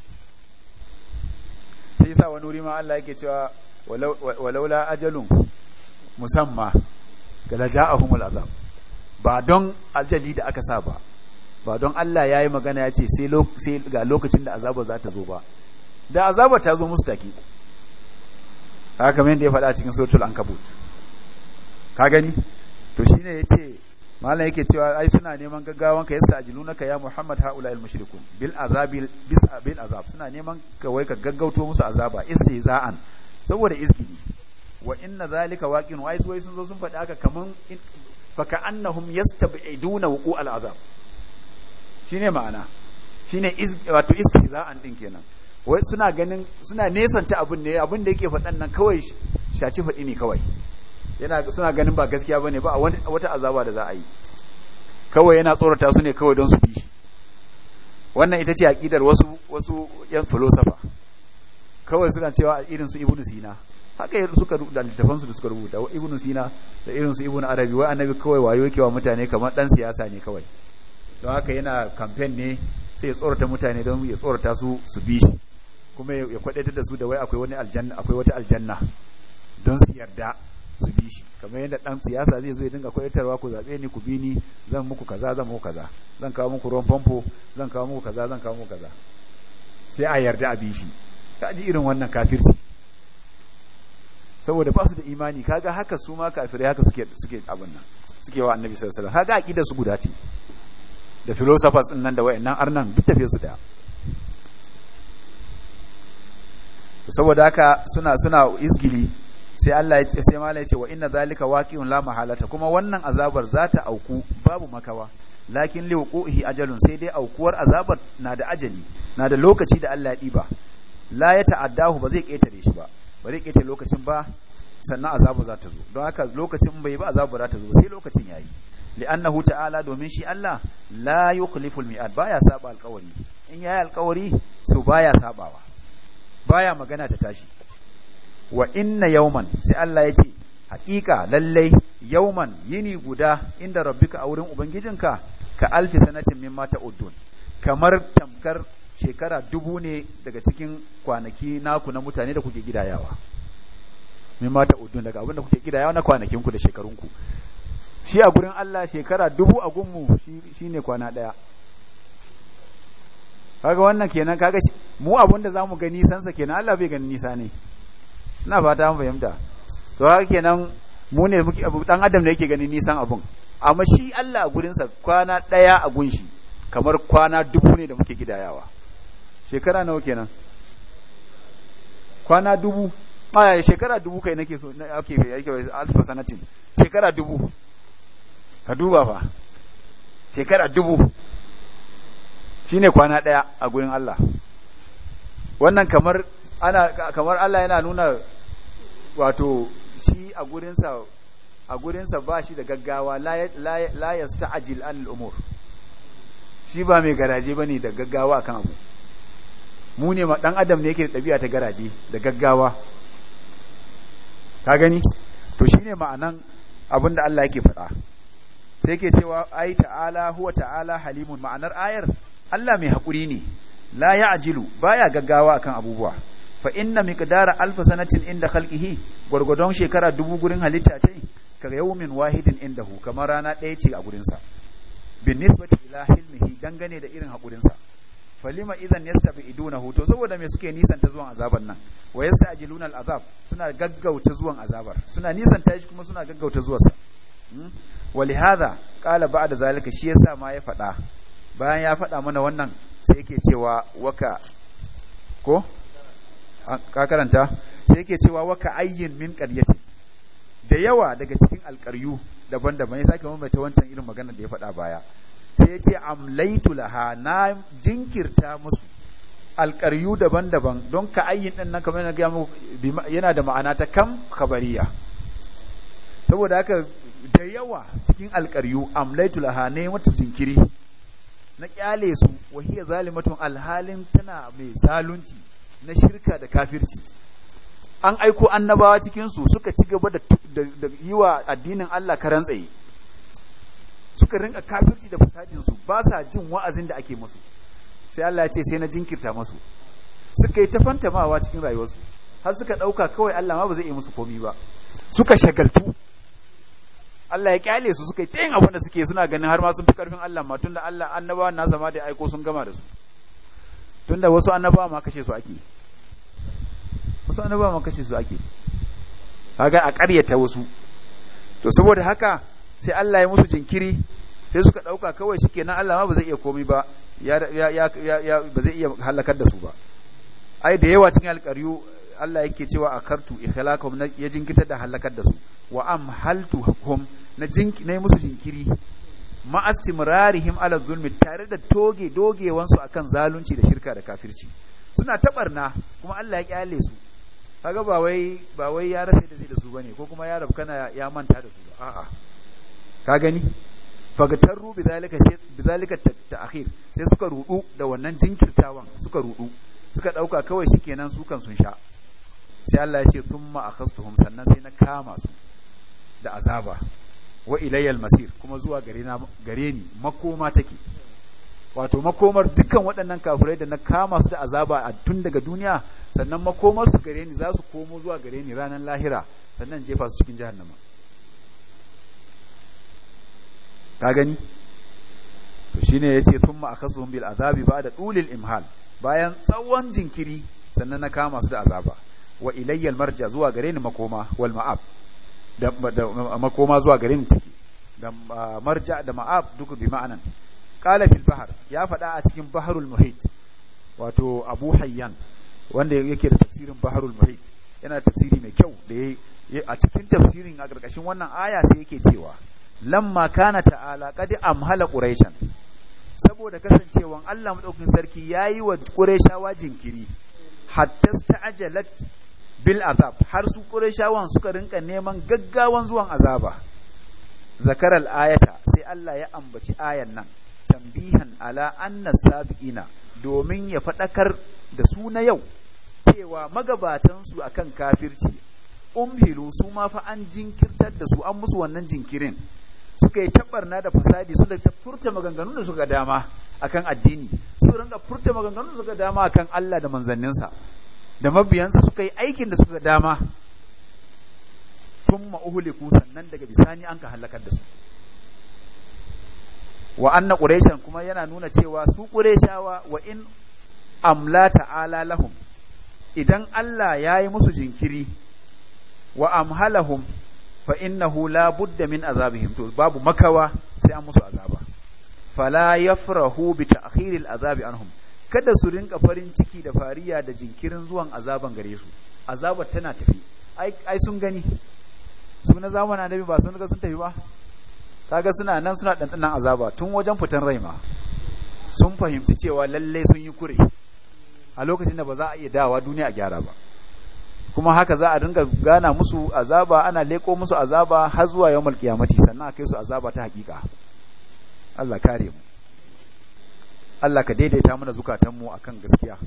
yi sa wani wuri ma Allah yake cewa walaula ajalun musamma a humul azab ba don ajali da aka sa ba ba don Allah ya yi magana ya ce sai ga lokacin da azaba za ta zo ba da azaba ta zo musu take haka mai da ya faɗa cikin an kabut ka gani to shine ce. malam yake cewa ai suna neman gaggawan ka yastajilunaka ya Muhammad haula'il mushrikun bil azabi bis bil azab suna neman ka wai ka gaggauto musu azaba istizaan saboda izgidi wa inna zalika waqin wa su sun zo sun faɗi haka kaman ka annahum yastab'iduna wuqu al azab shine ma'ana shine wato istizaan din kenan wai suna ganin suna nesanta abin ne abin da yake faɗan nan kawai shaci faɗi ne kawai yana suna ganin ba gaskiya bane ba a wata azaba da za a yi kawai yana tsorata su ne kawai don su bi wannan ita ce aqidar wasu wasu yan philosopher kawai suna cewa irin su ibnu sina haka suka rubuta littafan su da suka rubuta ibnu sina da irin su ibnu arabi wai annabi kawai wayo yake wa mutane kamar dan siyasa ne kawai don haka yana campaign ne sai ya tsorata mutane don ya tsorata su su bi shi kuma ya kwadaita da su da wai akwai wani aljanna akwai wata aljanna don su yarda su bi shi kamar yadda dan siyasa zai zo ya dinga koyarwa ku zabe ni ku bi ni zan muku kaza zan muku kaza zan kawo muku ruwan famfo zan kawo muku kaza zan kawo muku kaza sai a yarda a bi shi ka ji irin wannan kafirci saboda ba su da imani kaga haka su ma kafirai haka suke suke abin nan suke wa annabi sallallahu alaihi wasallam kaga aqidar su guda ce da philosophers din nan da wayannan arnan duk tafiye su daya saboda haka suna suna isgili sai Allah ya ce sai mala ya ce wa inna zalika waqi'un la mahalata kuma wannan azabar za ta auku babu makawa lakin li wuquhi ajalun sai dai aukuwar azabar na da ajali na da lokaci da Allah ya diba la ya ta'addahu ba zai ketare shi ba ba zai ketare lokacin ba sannan azabu za ta zo don haka lokacin bai ba azabu za ta zo sai lokacin yayi li'annahu ta'ala domin shi Allah la yukhlifu al-mi'ad baya saba alƙawari in yayi alƙawari so baya sabawa baya magana ta tashi wa inna yauman sai Allah ya ce haƙiƙa lallai yauman yini guda inda rabbika a wurin ubangijinka ka alfi sanatin mata ta'uddun kamar tamkar shekara dubu ne daga cikin kwanaki naku na mutane da kuke gidayawa mata ta'uddun daga abin da kuke gidayawa na kwanakin ku da shekarun ku shi a gurin Allah shekara dubu a gunmu shine kwana daya kaga wannan kenan kaga mu abin da zamu gani sansa kenan Allah bai gani nisa ne ina fata an fahimta to haka kenan mu ne muke dan adam ne yake gani nisan abun amma shi Allah a gurinsa kwana ɗaya a shi kamar kwana dubu ne da muke gidayawa shekara nawa kenan kwana dubu a shekara dubu kai nake so ake yake alfa sanatin shekara dubu ka duba fa shekara dubu shine kwana ɗaya a gurin Allah wannan kamar ana kamar Allah yana nuna wato shi a gurinsa a gurinsa ba shi da gaggawa la yasta'jil an al'umur shi ba mai garaje bane da gaggawa kan abu mu ne ma dan adam ne yake da ɗabi'a ta garaje da gaggawa ka gani to shine ma'anan abinda Allah yake faɗa sai ke cewa ai ta'ala huwa ta'ala halimun ma'anar ayar Allah mai haƙuri ne la ya'jilu baya gaggawa akan abubuwa fa inna miqdara alf sanatin inda khalqihi gurgudon shekara dubu gurin halitta tai kaga yawmin wahidin indahu kamar rana daya ce a gurin sa bin nisbati ila hilmihi dangane da irin hakurin sa falima idan yastabidunahu to saboda me suke nisanta zuwan azaban nan wa yastajiluna azab suna gaggauta zuwan azabar suna nisanta shi kuma suna gaggauta zuwarsa hmm? walihada qala ba'da zalika shi yasa ma ya fada bayan ya fada mana wannan sai yake cewa waka ko ka karanta sai yake cewa waka ayyin min qaryati da yawa daga cikin alƙaryu daban-daban ya sake mamaita wancan irin magana da ya faɗa baya sai ya ce amlaitu laha na jinkirta musu alƙaryu daban-daban don ka ayyin ɗin nan kamar yana da ma'ana ta kam kabariya saboda haka da yawa cikin alƙaryu amlaitu laha ne mata jinkiri na kyale su wahiya zalimatun alhalin tana mai zalunci na shirka da kafirci an aiko annabawa cikinsu suka ci gaba da yi wa addinin Allah karan tsaye suka rinka kafirci da fasadinsu ba sa jin wa'azin da ake musu sai Allah ya ce sai na jinkirta musu suka yi ta wa cikin rayuwarsu har suka ɗauka kawai Allah ma ba zai yi musu komi ba suka shagaltu Allah ya kyale su suka yi ta yin abin da suke suna ganin har ma sun fi karfin Allah ma tunda Allah annabawa na zama da aiko sun gama da su tunda wasu annabawa ma kashe su ake wasu annabawa ma kashe su ake kaga a ƙaryata wasu to saboda haka sai Allah ya musu jinkiri sai suka dauka kawai shikenan Allah ma ba zai iya komai ba ya ya ya ba zai iya halakar da su ba ai da yawa cikin alƙaryu Allah yake cewa akartu ikhlakum ya jinkita da halakar da su wa amhaltuhum na jinki musu jinkiri ma ala zulmi tare da toge dogewansu akan zalunci da shirka da kafirci suna tabarna kuma Allah ya kyale su kaga ba wai ba wai ya rasa da zai da su bane ko kuma ya rabu kana ya manta da su ba a'a ka gani fagatarru bizalika bizalika ta'khir sai suka rudu da wannan jinkirtawan suka rudu suka dauka kawai shikenan su kan sun sha sai Allah ya ce thumma akhastuhum sannan sai na kama su da azaba wa ilayyal masir kuma zuwa gare ni makoma take wato makomar dukkan waɗannan kafirai da na kama su da azaba a tun daga duniya sannan makomar su gare ni za su komo zuwa gare ni ranar lahira sannan jefa su cikin jahannama ka gani to shine yace thumma akhadhuhum bil azabi ba'da ulil imhal bayan tsawon jinkiri sannan na kama su da azaba wa ilayyal marja zuwa gare ni makoma wal ma'ab da makoma zuwa garin take da ah, marja da ma'ab duk bi ma'anan qala fil bahr ya faɗa a cikin baharul muhit wato abu hayyan wanda yake da tafsirin baharul muhit yana tafsiri mai kyau da yayi a cikin tafsirin a ƙarƙashin wannan aya sai yake cewa lamma kana ta'ala qad amhala quraishan saboda kasancewan Allah madaukakin sarki yayi wa quraishawa jinkiri hatta sta'ajalat bil azab har su qurayshawan suka rinka neman gaggawan zuwan azaba zakar al-ayata sai Allah ya ambaci ayan nan tambihan ala anna sabiina domin ya fadakar da su na yau cewa magabatan su akan kafirci umhilu su ma fa an jinkirtar da su an musu wannan jinkirin suka yi tabarna da fasadi su da furta maganganun da suka dama akan addini su rinka furta maganganun da suka dama akan Allah da manzanninsa da mabiyansa suka yi aikin da suka dama sun ma'uhuliku sannan daga bisani an ka halakar da su wa anna kuma yana nuna cewa su qurayshawa wa in amla ta'ala lahum idan Allah ya yi musu jinkiri wa amhalahum fa innahu la budda min azabihim to babu makawa sai an musu azaba fala yafrahu bi ta'khiril azabi anhum kada su rinka farin ciki da fariya da jinkirin zuwan azaban gare su azabar tana tafi ai sun gani su na zamanin annabi ba sun ga sun tafi ba kaga suna nan suna dandanan azaba tun wajen fitan rai ma sun fahimci cewa lalle sun yi kure a lokacin da ba za a iya dawa duniya a gyara ba kuma haka za a dinga gana musu azaba ana leko musu azaba har zuwa yawmul kiyamati sannan a kai su azaba ta hakika Allah kare mu Allah ka daidaita mana zukatanmu a kan gaskiya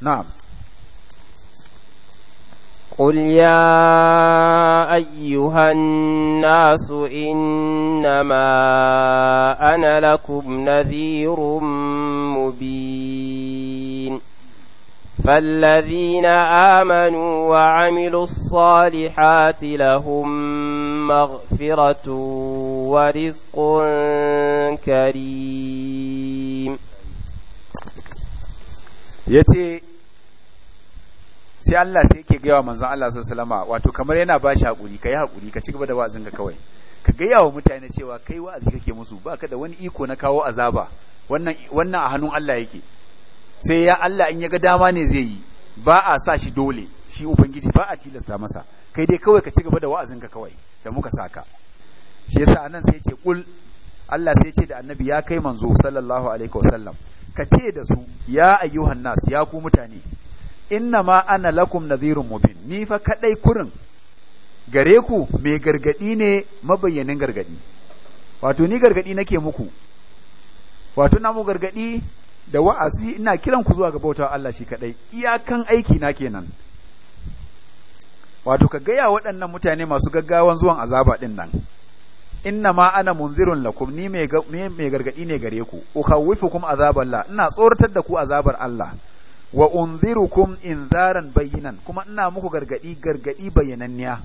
na'am
قل يا أيها الناس إنما أنا لكم نذير مبين فالذين آمنوا وعملوا الصالحات لهم مغفرة ورزق
كريم yace sai Allah sai yake gaya wa manzon Allah sallama wato kamar yana ba shi hakuri kai hakuri ka ci gaba da wa'azin ka kawai ka gaya wa mutane cewa kai wa'azi kake musu baka da wani iko na kawo azaba wannan wannan a hannun Allah yake sai ya Allah in ya ga dama ne zai yi ba a sa shi dole shi ubangiji ba a tilasta masa kai dai kawai ka ci gaba da wa'azinka kawai da muka saka shi yasa anan sai ce kul Allah sai ce da annabi ya kai manzo sallallahu alaihi wasallam ka ce da su ya ayyuhan nas ya ku mutane ma ana lakum nadhirun mubin ni fa kadai kurin gare ku mai gargadi ne mabayyanin gargadi wato ni gargadi nake muku wato na mu gargadi da wa'azi ina kiran ku zuwa ga bautar Allah shi kadai iyakan aiki na kenan wato ka gaya waɗannan mutane masu gaggawan zuwan azaba ɗin nan inna ma ana munzirun lakum ni mai gargaɗi ne gare ku kuma azabar la ina tsoratar da ku azabar Allah wa unziru unzirukum inzaran bayyanan kuma ina muku gargaɗi gargaɗi bayyananniya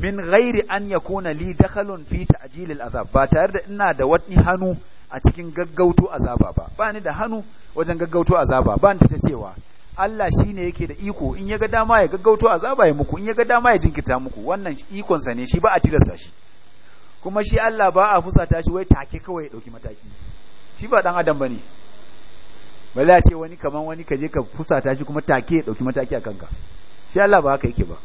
min ghairi an yakuna li dakhalun fi ta'jilil azab ba tare da ina da wani hannu a cikin gaggauto azaba ba ba ni da hannu wajen gaggauto azaba ba ni ta cewa Allah ne yake da iko in ya ga dama ya gaggauto azaba ya muku in ya ga dama ya jinkirta muku wannan ikonsa ne shi ba a tilasta shi kuma shi Allah ba a fusata shi wai take kawai ya dauki mataki shi ba dan adam bane bala ya ce wani kaman wani kaje ka fusata shi kuma take ya dauki mataki a kanka shi Allah ba haka yake ba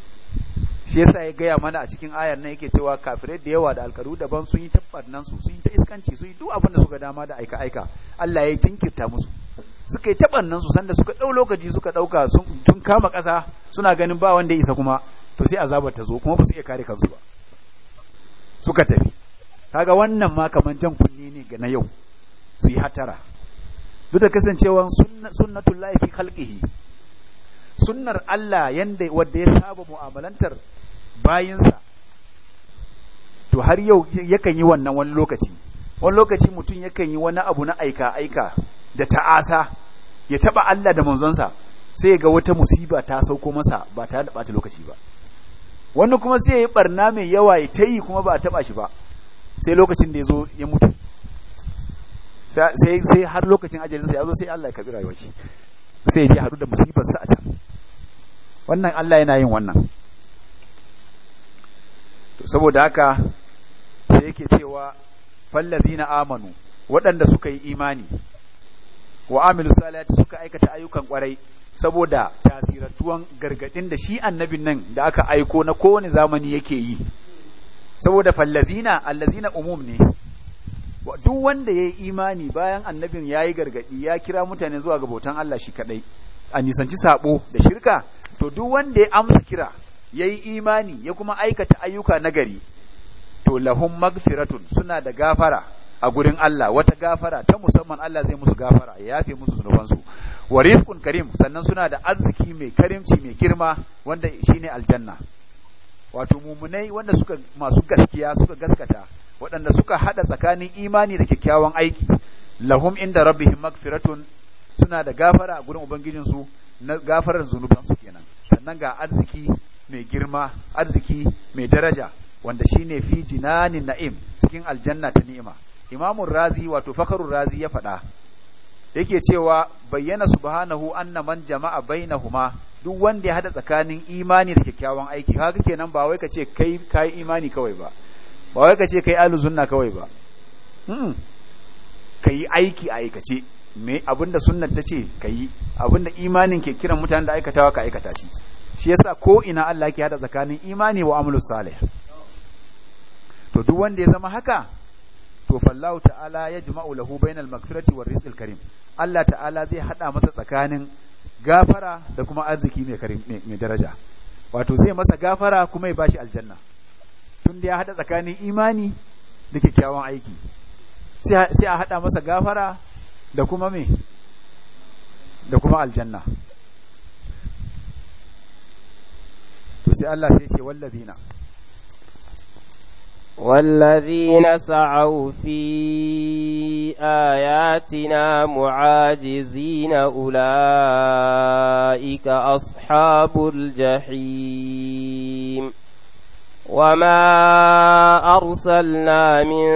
shi yasa ya gaya mana a cikin ayar nan yake cewa kafirai da yawa da alkaru daban sun yi tabbarnan su sun yi ta iskanci sun yi duk abin da suka dama da aika aika Allah ya jinkirta musu suka yi nan su sanda suka dau lokaci suka ɗauka sun tun kama kasa suna ganin ba wanda ya isa kuma to sai azabar ta zo kuma ba su iya kare kansu ba suka tafi kaga wannan ma kaman jan kunne ne ga na yau su yi hatara duk da kasancewan sunnatul laifi fi khalqihi sunnar Allah yanda wanda ya saba mu'amalantar bayinsa to har yau yakan yi wannan wani lokaci wani lokaci mutum yakan yi wani abu na aika aika da ta'asa ya taba Allah da manzonsa sai ya ga wata musiba ta sauko masa ba ta da bata lokaci ba wani kuma sai ya yi barna mai yawa ya ta yi kuma ba a taba shi ba sai lokacin da ya zo ya mutu sai har lokacin ajalinsa ya zo sai Allah ya karbi rayuwar shi sai ya je haɗu da musibarsa a can wannan Allah yana yin wannan saboda haka sai yake cewa fallazina amanu waɗanda suka yi imani wa amilu salati suka aikata ayyukan kwarai saboda tasirantuwan gargadin da shi annabin nan da aka aiko na kowane zamani yake yi saboda fallazina allazina umum ne duk wanda ya yi imani bayan annabin ya yi gargadi ya kira mutane zuwa ga bautan Allah shi kadai a nisanci sabo da shirka to duk wanda ya amsa kira ya yi imani ya kuma aikata ayyuka nagari to lahum magfiratun suna da gafara a gurin Allah wata gafara ta musamman Allah zai musu gafara ya yafe musu zunubansu wa karim sannan suna da arziki mai karimci mai girma wanda shine aljanna wato mumunai wanda suka masu gaskiya suka gaskata waɗanda suka haɗa tsakanin imani da kyakkyawan aiki lahum inda rabbihim magfiratun suna da gafara a gurin ubangijinsu na gafarar zunubansu kenan sannan ga arziki mai girma arziki mai daraja wanda shine fi jinanin na'im cikin aljanna ta ni'ima imamun razi wato fakarun razi ya faɗa yake cewa bayyana subhanahu anna man jama'a bainahuma duk wanda ya hada tsakanin imani da kyakkyawan aiki kaga kenan ba wai kace kai kai imani kawai ba ba wai kace kai ahlus sunna kawai ba mm kai aiki a aikace me abinda sunnar tace kai abinda imanin ke kiran mutanen da aikatawa ka aikata shi shi yasa ko ina Allah ke hada tsakanin imani wa amalu salih to duk wanda ya zama haka to fallahu ta'ala ya jima'u lahu bainal maghfirati war rizqil karim Allah ta'ala zai hada masa tsakanin gafara da kuma arziki mai karim mai daraja wato zai masa gafara kuma ya bashi aljanna tun da ya hada tsakanin imani da kyakkyawan aiki sai a hada masa gafara da kuma me da kuma aljanna to sai Allah sai
والذين سعوا في آياتنا معاجزين أولئك أصحاب الجحيم وما أرسلنا من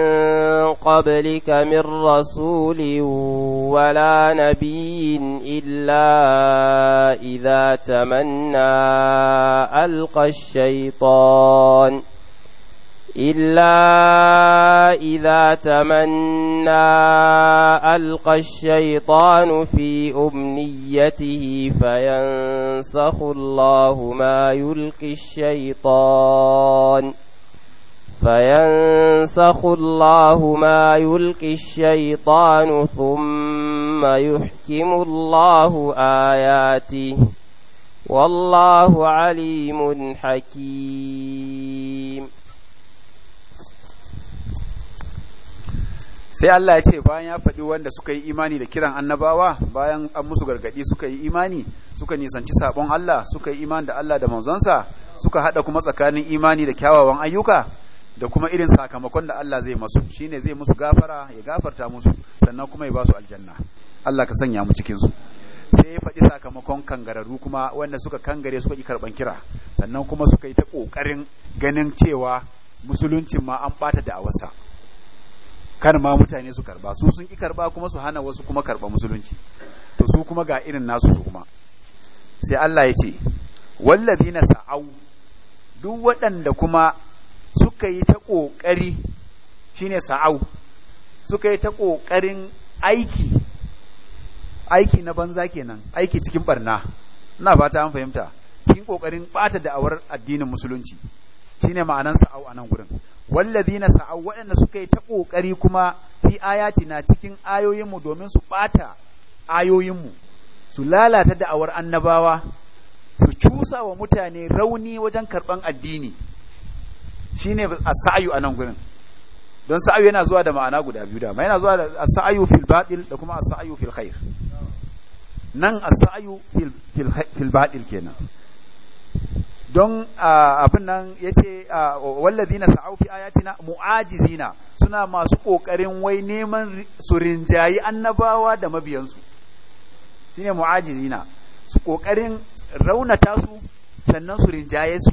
قبلك من رسول ولا نبي إلا إذا تمنى ألقى الشيطان إلا إذا تمنى ألقى الشيطان في أمنيته فينسخ الله ما يلقي الشيطان فينسخ الله ما يلقي الشيطان ثم يحكم الله آياته والله عليم حكيم
sai Allah ya ce bayan ya faɗi wanda suka yi imani da kiran annabawa bayan an musu gargaɗi suka yi imani suka nisanci sabon Allah suka yi imani da Allah da manzonsa suka haɗa kuma tsakanin imani da kyawawan ayyuka da kuma irin sakamakon da Allah zai masu shine zai musu gafara ya gafarta musu sannan kuma ya ba su aljanna Allah ka sanya mu cikin sai ya faɗi sakamakon kangararru kuma wanda suka kangare suka ƙi karɓan kira sannan kuma suka yi ta ƙoƙarin ganin cewa musuluncin ma an ɓata da kar ma mutane su karba su sun ki karba kuma su hana wasu kuma karba musulunci to su kuma ga irin nasu su kuma sai Allah ya ce wallazina sa'au duk waɗanda kuma suka yi ta ƙoƙari shine sa'au suka yi ta ƙoƙarin aiki aiki na banza kenan aiki cikin barna ina fata an fahimta cikin ƙoƙarin ɓata da'awar addinin musulunci shine ma'anan sa'au a nan gurin wallazina sa'aw waɗanda suka yi ta ƙoƙari kuma fi na cikin ayoyinmu domin su ɓata ayoyinmu su lalata da'awar annabawa su cusa wa mutane rauni wajen karɓan addini shine as-sa'yu anan gurin don sa'ayu yana zuwa da ma'ana guda biyu dama yana zuwa da as-sa'yu fil batil da kuma as-sa'yu fil khair nan as-sa'yu fil fil batil kenan don abin nan ya ce wallazina sa'au fi ayatina mu'ajizina suna masu ƙoƙarin wai neman su rinjayi annabawa da mabiyansu shine mu'ajizina su ƙoƙarin raunata su sannan su rinjaye su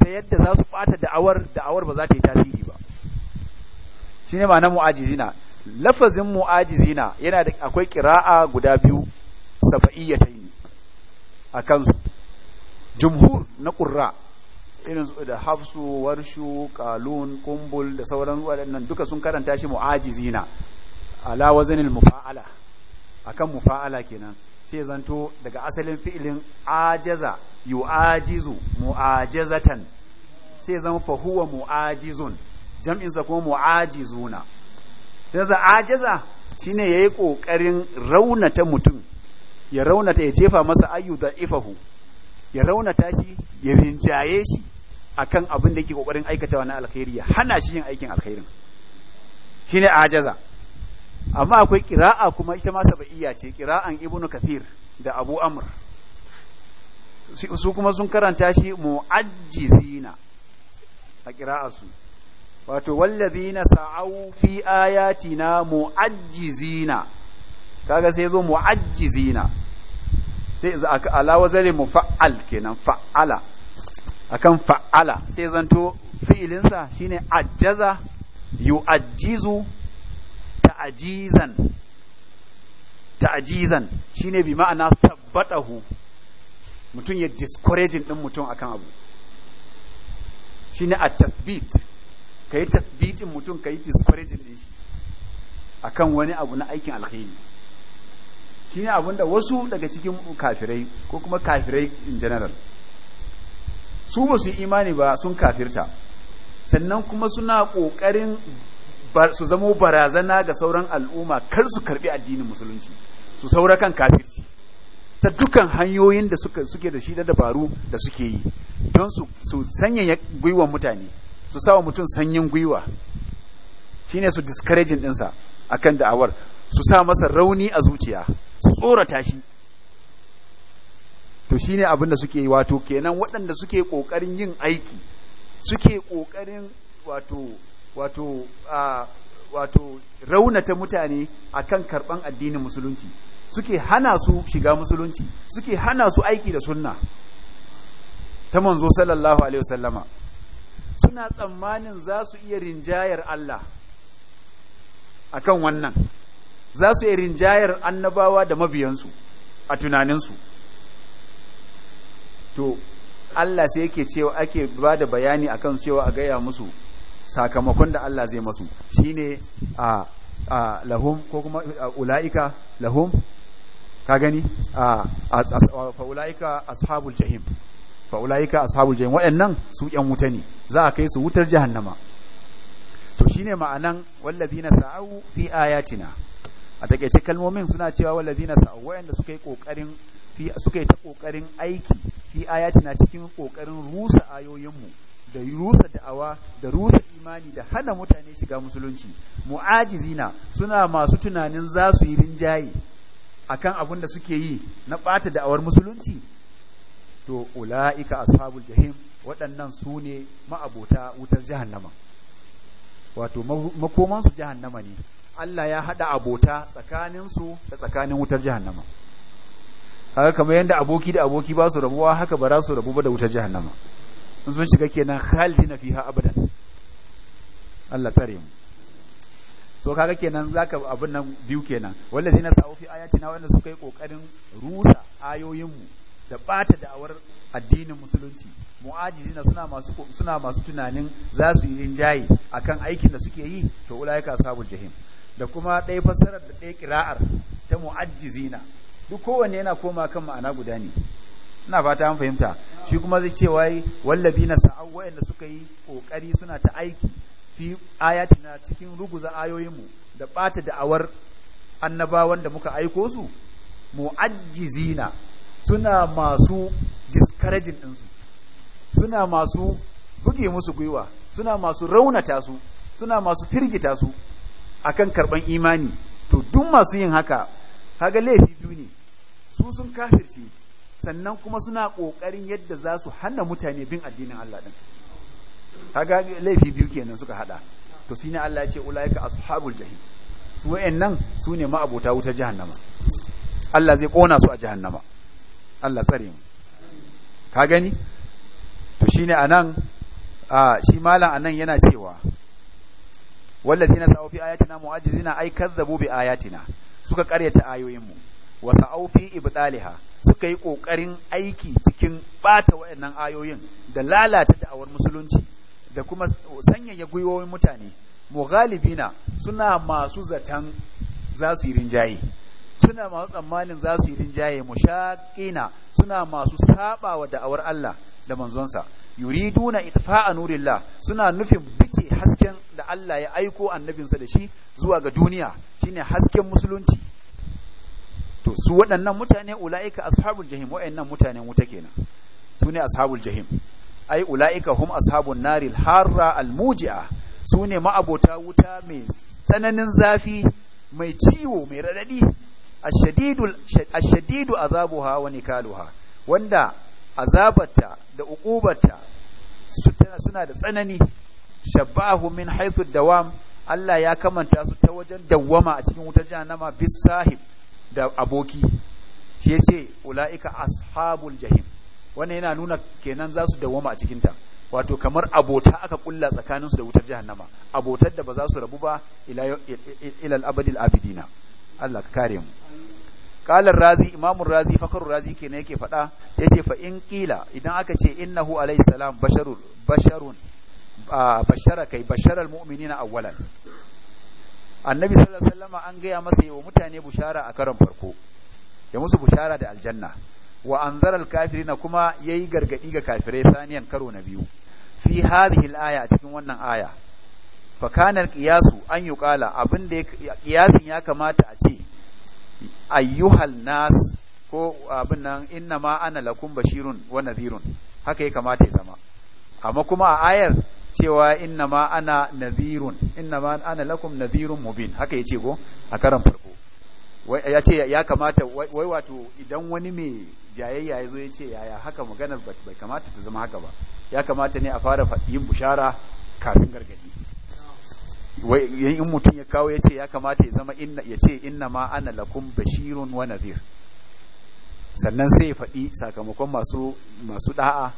ta yadda za su ɓata da'awar da'awar ba za ta yi tasiri ba shine ma'ana mu'ajizina lafazin mu'ajizina yana da akwai ƙira'a guda biyu saba'iyyatain a kansu jumhur na ƙurra irin da hafsu warshu kalun kumbul da sauran waɗannan duka sun karanta shi mu'ajizina ala wazanin mufa'ala akan mufa'ala kenan sai zanto daga asalin fi'ilin ajaza yu'ajizu mu'ajazatan sai zama fa mu'ajizun jam'in sa kuma mu'ajizuna sai ajaza shine yayi kokarin raunata mutum ya raunata ya jefa masa ayu da ifahu ya raunata shi ya rinjaye shi akan abin da yake kokarin aikatawa na alkhairi ya hana shi yin aikin alkhairin shine ajaza amma akwai qira'a kuma ita ma sabaiya ce qira'an ibnu kathir da abu amr su kuma sun karanta shi mu'ajjizina a su wato wallazina sa'au fi ayatina mu'ajjizina kaga sai zo mu'ajjizina sai za aka ala wazari fa'al kenan fa'ala akan fa'ala sai zanto fi'ilinsa shine ajjaza yu'ajjizu ta'jizan ta'jizan shine bi ma'ana tabbatahu mutum ya discouraging din mutum akan abu shine at-tathbit kai tathbitin mutum kai discouraging din shi akan wani abu na aikin alkhairi shine ne da wasu daga cikin kafirai ko kuma kafirai in general su ba su imani ba sun kafirta sannan kuma suna ƙoƙarin su zamo barazana ga sauran al'umma kar su karbi addinin musulunci su saura kan kafirci ta dukkan hanyoyin da suke da shi da dabaru da suke yi don su sanya gwiwa mutane su sawa mutum sanyin gwiwa shine su discouraging dinsa akan da'awar su sa masa rauni a zuciya su tsorata shi to shine abin da suke wato kenan waɗanda suke ƙoƙarin yin aiki suke ƙoƙarin wato wato a wato raunata mutane akan karɓan addinin musulunci suke hana su shiga musulunci suke hana su aiki da sunna ta manzo sallallahu alaihi wasallama suna tsammanin za su iya rinjayar Allah akan wannan za su yi rinjayar annabawa da mabiyansu a tunaninsu to Allah sai yake cewa ake ba da bayani a kan cewa a gaya musu sakamakon da Allah zai masu shi ne a lahum ko kuma a ulaika lahum ka gani a fa'ulaika a ashabul jahim fa'ulaika a ashabul jahim waɗannan su ƴan wuta ne za a kai su wutar jahannama to shine ma'anan wallazina sa'u fi ayatina a takaice kalmomin suna cewa wallazina sa'u wayanda suka yi kokarin fi suka yi ta ƙoƙarin aiki fi na cikin ƙoƙarin rusa ayoyinmu da rusa da'awa da rusa imani da hana mutane shiga musulunci mu'ajizina suna masu tunanin za su yi rinjaye akan abin da suke yi na ɓata da'awar musulunci to ula'ika ashabul jahim waɗannan su ne ma'abota wutar jahannama wato makomansu jahannama ne Allah ya haɗa abota tsakaninsu da tsakanin wutar jahannama haka kamar yadda aboki da aboki ba su rabuwa haka ba za su rabu ba da wutar jahannama in sun shiga kenan na fiha abadan Allah tare mu so kaga kenan zaka abin nan biyu kenan zai na sa'o fi ayatina wanda suka yi kokarin rusa ayoyinmu da da bata da'awar addinin musulunci mu'ajizina suna masu suna masu tunanin za su yi rinjaye akan aikin da suke yi to ulaika ashabul jahim da kuma ɗaya fassarar da ɗaya ƙira'ar ta mu'ajjizina duk kowanne yana koma kan ma'ana guda ne ina fata an fahimta shi kuma zai ce wai wallabi na sa'au wa'anda suka yi ƙoƙari suna ta aiki fi ayatina cikin ruguza ayoyinmu da ɓata da'awar annabawan da muka aiko su mu'ajjizina suna masu discouraging ɗinsu suna masu buge musu gwiwa suna masu raunata su suna masu firgita su akan karban imani to duk masu yin haka kaga laifi biyu ne su sun kafirce sannan kuma suna kokarin yadda za su hana mutane bin addinin Allah din kaga laifi biyu kenan suka hada to shine Allah ya ce ulaika ashabul jahim su wayennan su ne ma'abota wuta jahannama Allah zai kona su a jahannama Allah tsare mu ka gani to shine anan a shi malam anan yana cewa wallazina sa'u fi ayatina mu'ajizina aikar kazzabu bi ayatina suka karyata ayoyinmu wa sa'u fi ibtaliha suka yi kokarin aiki cikin bata wayannan ayoyin da lalata da'awar musulunci da kuma sanyaya gwiwoyin mutane mughalibina suna masu zatan za su yi rinjaye suna masu tsammanin za su yi rinjaye mushaqina suna masu saba wa da'awar Allah da manzonsa yuriduna itfa'a nurillah suna nufin bice hasken da Allah ya aiko annabinsa da shi zuwa ga duniya shine hasken musulunci to su waɗannan mutane ulaiika ashabul jahim waɗannan mutanen wuta kenan sune ashabul jahim ai ulaika hum ashabun naril harra almuji'a sune ma'abota wuta mai tsananin zafi mai ciwo mai radadi ashadidul ashadidu azabuha wa nikaluha wanda azabarta da uqubarta suna da tsanani shabahu min haythu dawam Allah ya kamanta su ta wajen dawwama a cikin wutar jahannama bis sahib da aboki shi yace ulaika ashabul jahim wannan yana nuna kenan za su dawwama a cikin wato kamar abota aka kulla tsakanin su da wutar jahannama abotar da ba za su rabu ba ila ila al Allah ka kare mu kalar razi imamun razi fakarur razi kenan yake faɗa yace fa in idan aka ce innahu alayhi salam basharun basharun bashara kai awwalan annabi sallallahu alaihi an gaya masa yawa mutane bushara a karon farko ya musu bushara da aljanna wa anzaral kafirina kuma yayi gargadi ga kafirai saniyan karo na biyu fi hadhihi aya a cikin wannan aya Fakanar kana al-qiyasu an yuqala abinda qiyasin ya kamata a ce ayyuhal nas ko abin nan inna ma ana lakum bashirun wa nadhirun haka ya kamata ya zama amma kuma a ayar cewa inna ma ana nadhirun inna ma ana lakum nadhirun mubin haka yace ko a karan farko ya ce ya kamata wai wato idan wani mai jayayya ya zo ya ce yaya haka maganar bai kamata ta zama haka ba ya kamata ne a fara yin bushara kafin gargadi in mutum ya kawo ya ce ya kamata ya zama inna ya ce inna ma ana lakum bashirun wa nadhir sannan sai ya faɗi sakamakon masu masu da'a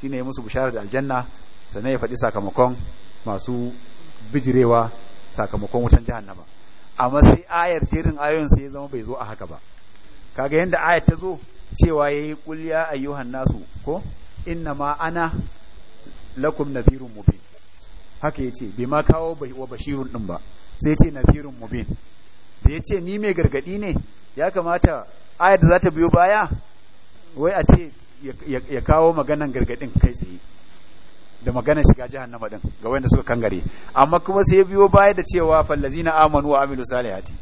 shine ya musu bishara da aljanna sannan ya faɗi sakamakon masu bijirewa sakamakon wutan jihar jahannama amma sai ayar jerin ayoyin sai ya zama bai zo a haka ba kaga yanda ayar ta zo cewa yayi yi ya ayyuhan nasu ko inna ma ana lakum nadhirun mubin haka ya ce bai ma kawo wa bashirun ɗin ba sai ce mu mubin da ya ce ni mai gargaɗi ne ya kamata ayar da za ta biyo baya wai a ce ya kawo maganan gargaɗin kai tsaye da maganar shiga na maɗin ga wanda suka kangare amma kuma sai biyo baya da cewa fallazi amanu wa amilu salihati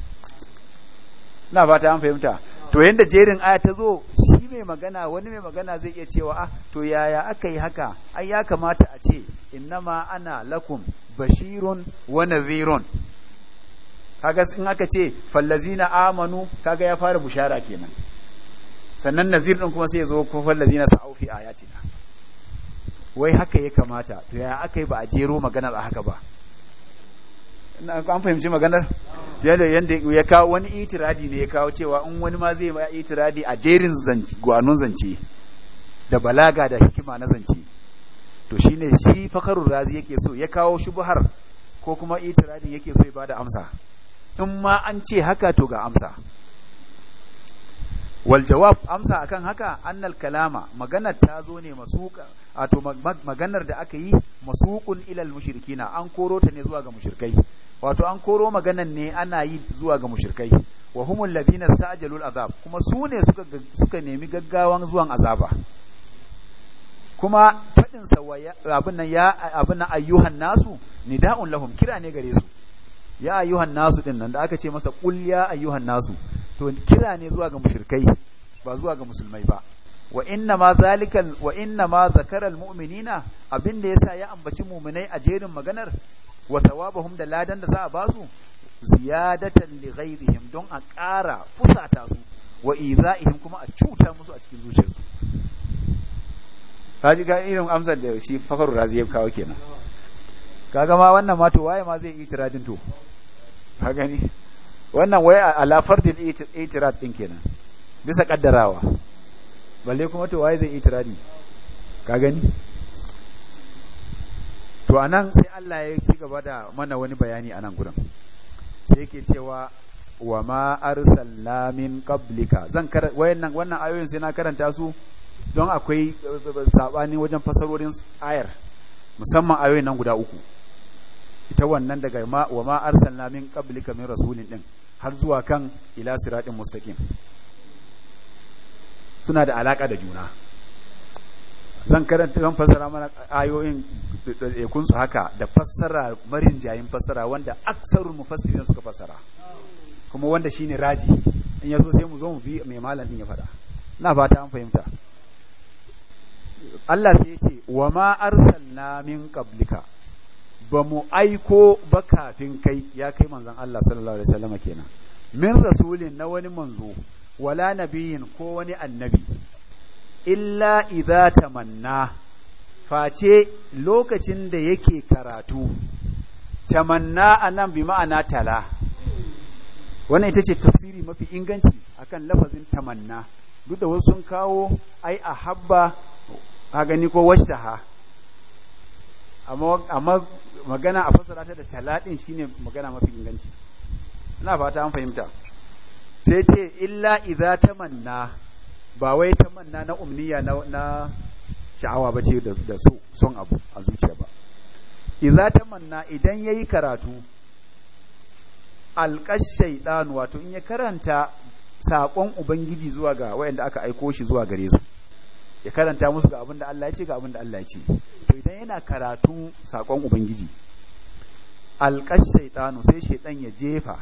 na fata an fahimta to yadda jerin aya ta zo shi mai magana wani mai magana zai iya cewa ah to yaya aka yi haka ai ya kamata a ce innama ana lakum bashirun wa nadhirun kaga in aka ce fallazina amanu kaga ya fara bushara kenan sannan nazir din kuma sai ya zo ko fallazina sa'u fi ayatina wai haka ya kamata to yaya aka yi ba a jero maganar a haka ba an fahimci maganar fiye da yanda ya kawo wani itiradi ne ya kawo cewa in wani ma zai ma itiradi a jerin zance gwanon zance da balaga da hikima na zance to shine shi fakarur razi yake so ya kawo shubuhar ko kuma itiradin yake so ya bada amsa in ma an ce haka to ga amsa wal jawab amsa akan haka annal kalama maganar ta zo ne masuka ato maganar da aka yi masukun ilal mushrikina an koro ta ne zuwa ga mushrikai wato an koro maganan ne ana yi zuwa ga mushrikai wa humul ladina sajalul azab kuma sune suka suka nemi gaggawan zuwan azaba kuma fadin sa abin nan ya abin nan ayyuhan nasu nida'un lahum kira ne gare su ya ayyuhan nasu din nan da aka ce masa qul ya ayyuhan nasu to kira ne zuwa ga mushrikai ba zuwa ga musulmai ba wa inna ma zalikal wa inna ma zakara almu'minina abinda yasa ya ambaci mu'minai a jerin maganar wa thawabahum da ladan da za a basu ziyadatan li ghairihim don a ƙara fusata su wa izaihim kuma a cuta musu a cikin su kaji ga irin amsar da shi fakaru razi ya kawo kenan kaga ma wannan ma to waye ma zai itiradin to ka gani wannan waye ala fardil itirad din kenan bisa kaddarawa balle kuma to waye zai itiradi ka gani to a nan sai Allah ya ci gaba da mana wani bayani a nan gudun sai yake cewa wa ma arsalna min zan kar wannan ayoyin sai na karanta su don akwai eh, sabani wajen fasarorin ayar musamman ayoyin nan guda uku ita wannan daga wa ma arsalna min qablika min rasulin din har zuwa kan ila siratin mustaqim suna da alaka da juna zan karanta zan fassara mana ayoyin ɗaiɗaikun su haka da fassara marin jayin fassara wanda aksarul mufassirin suka fassara kuma wanda shine raji in yaso sai mu zo mu bi mai malamin din ya faɗa na fata an fahimta Allah sai ya ce wa ma arsalna min qablika ba mu aiko ba kafin kai ya kai manzon Allah sallallahu alaihi wasallam kenan min rasulin na wani manzo wala nabiyin ko wani annabi illa idza tamanna face lokacin da yake karatu tamanna anan bi ma'ana tala wannan ita ce tafsiri mafi inganci akan lafazin tamanna duk da wasu sun kawo ai a habba a gani ko ha amma magana a fassara ta da talaɗin shine magana mafi inganci ina fata an fahimta sai ce illa idza manna. ba wai ta manna na umniya na sha'awa ba ce da so son abu a zuciya ba iza ta manna idan ya yi karatu alƙashai ɗanu wato in ya karanta saƙon ubangiji zuwa ga wayanda aka aiko shi zuwa gare su ya karanta musu ga abin da Allah ya ce ga abin da Allah ya ce to idan yana karatun saƙon ubangiji Alƙashai ɗanu sai shaiɗan ya jefa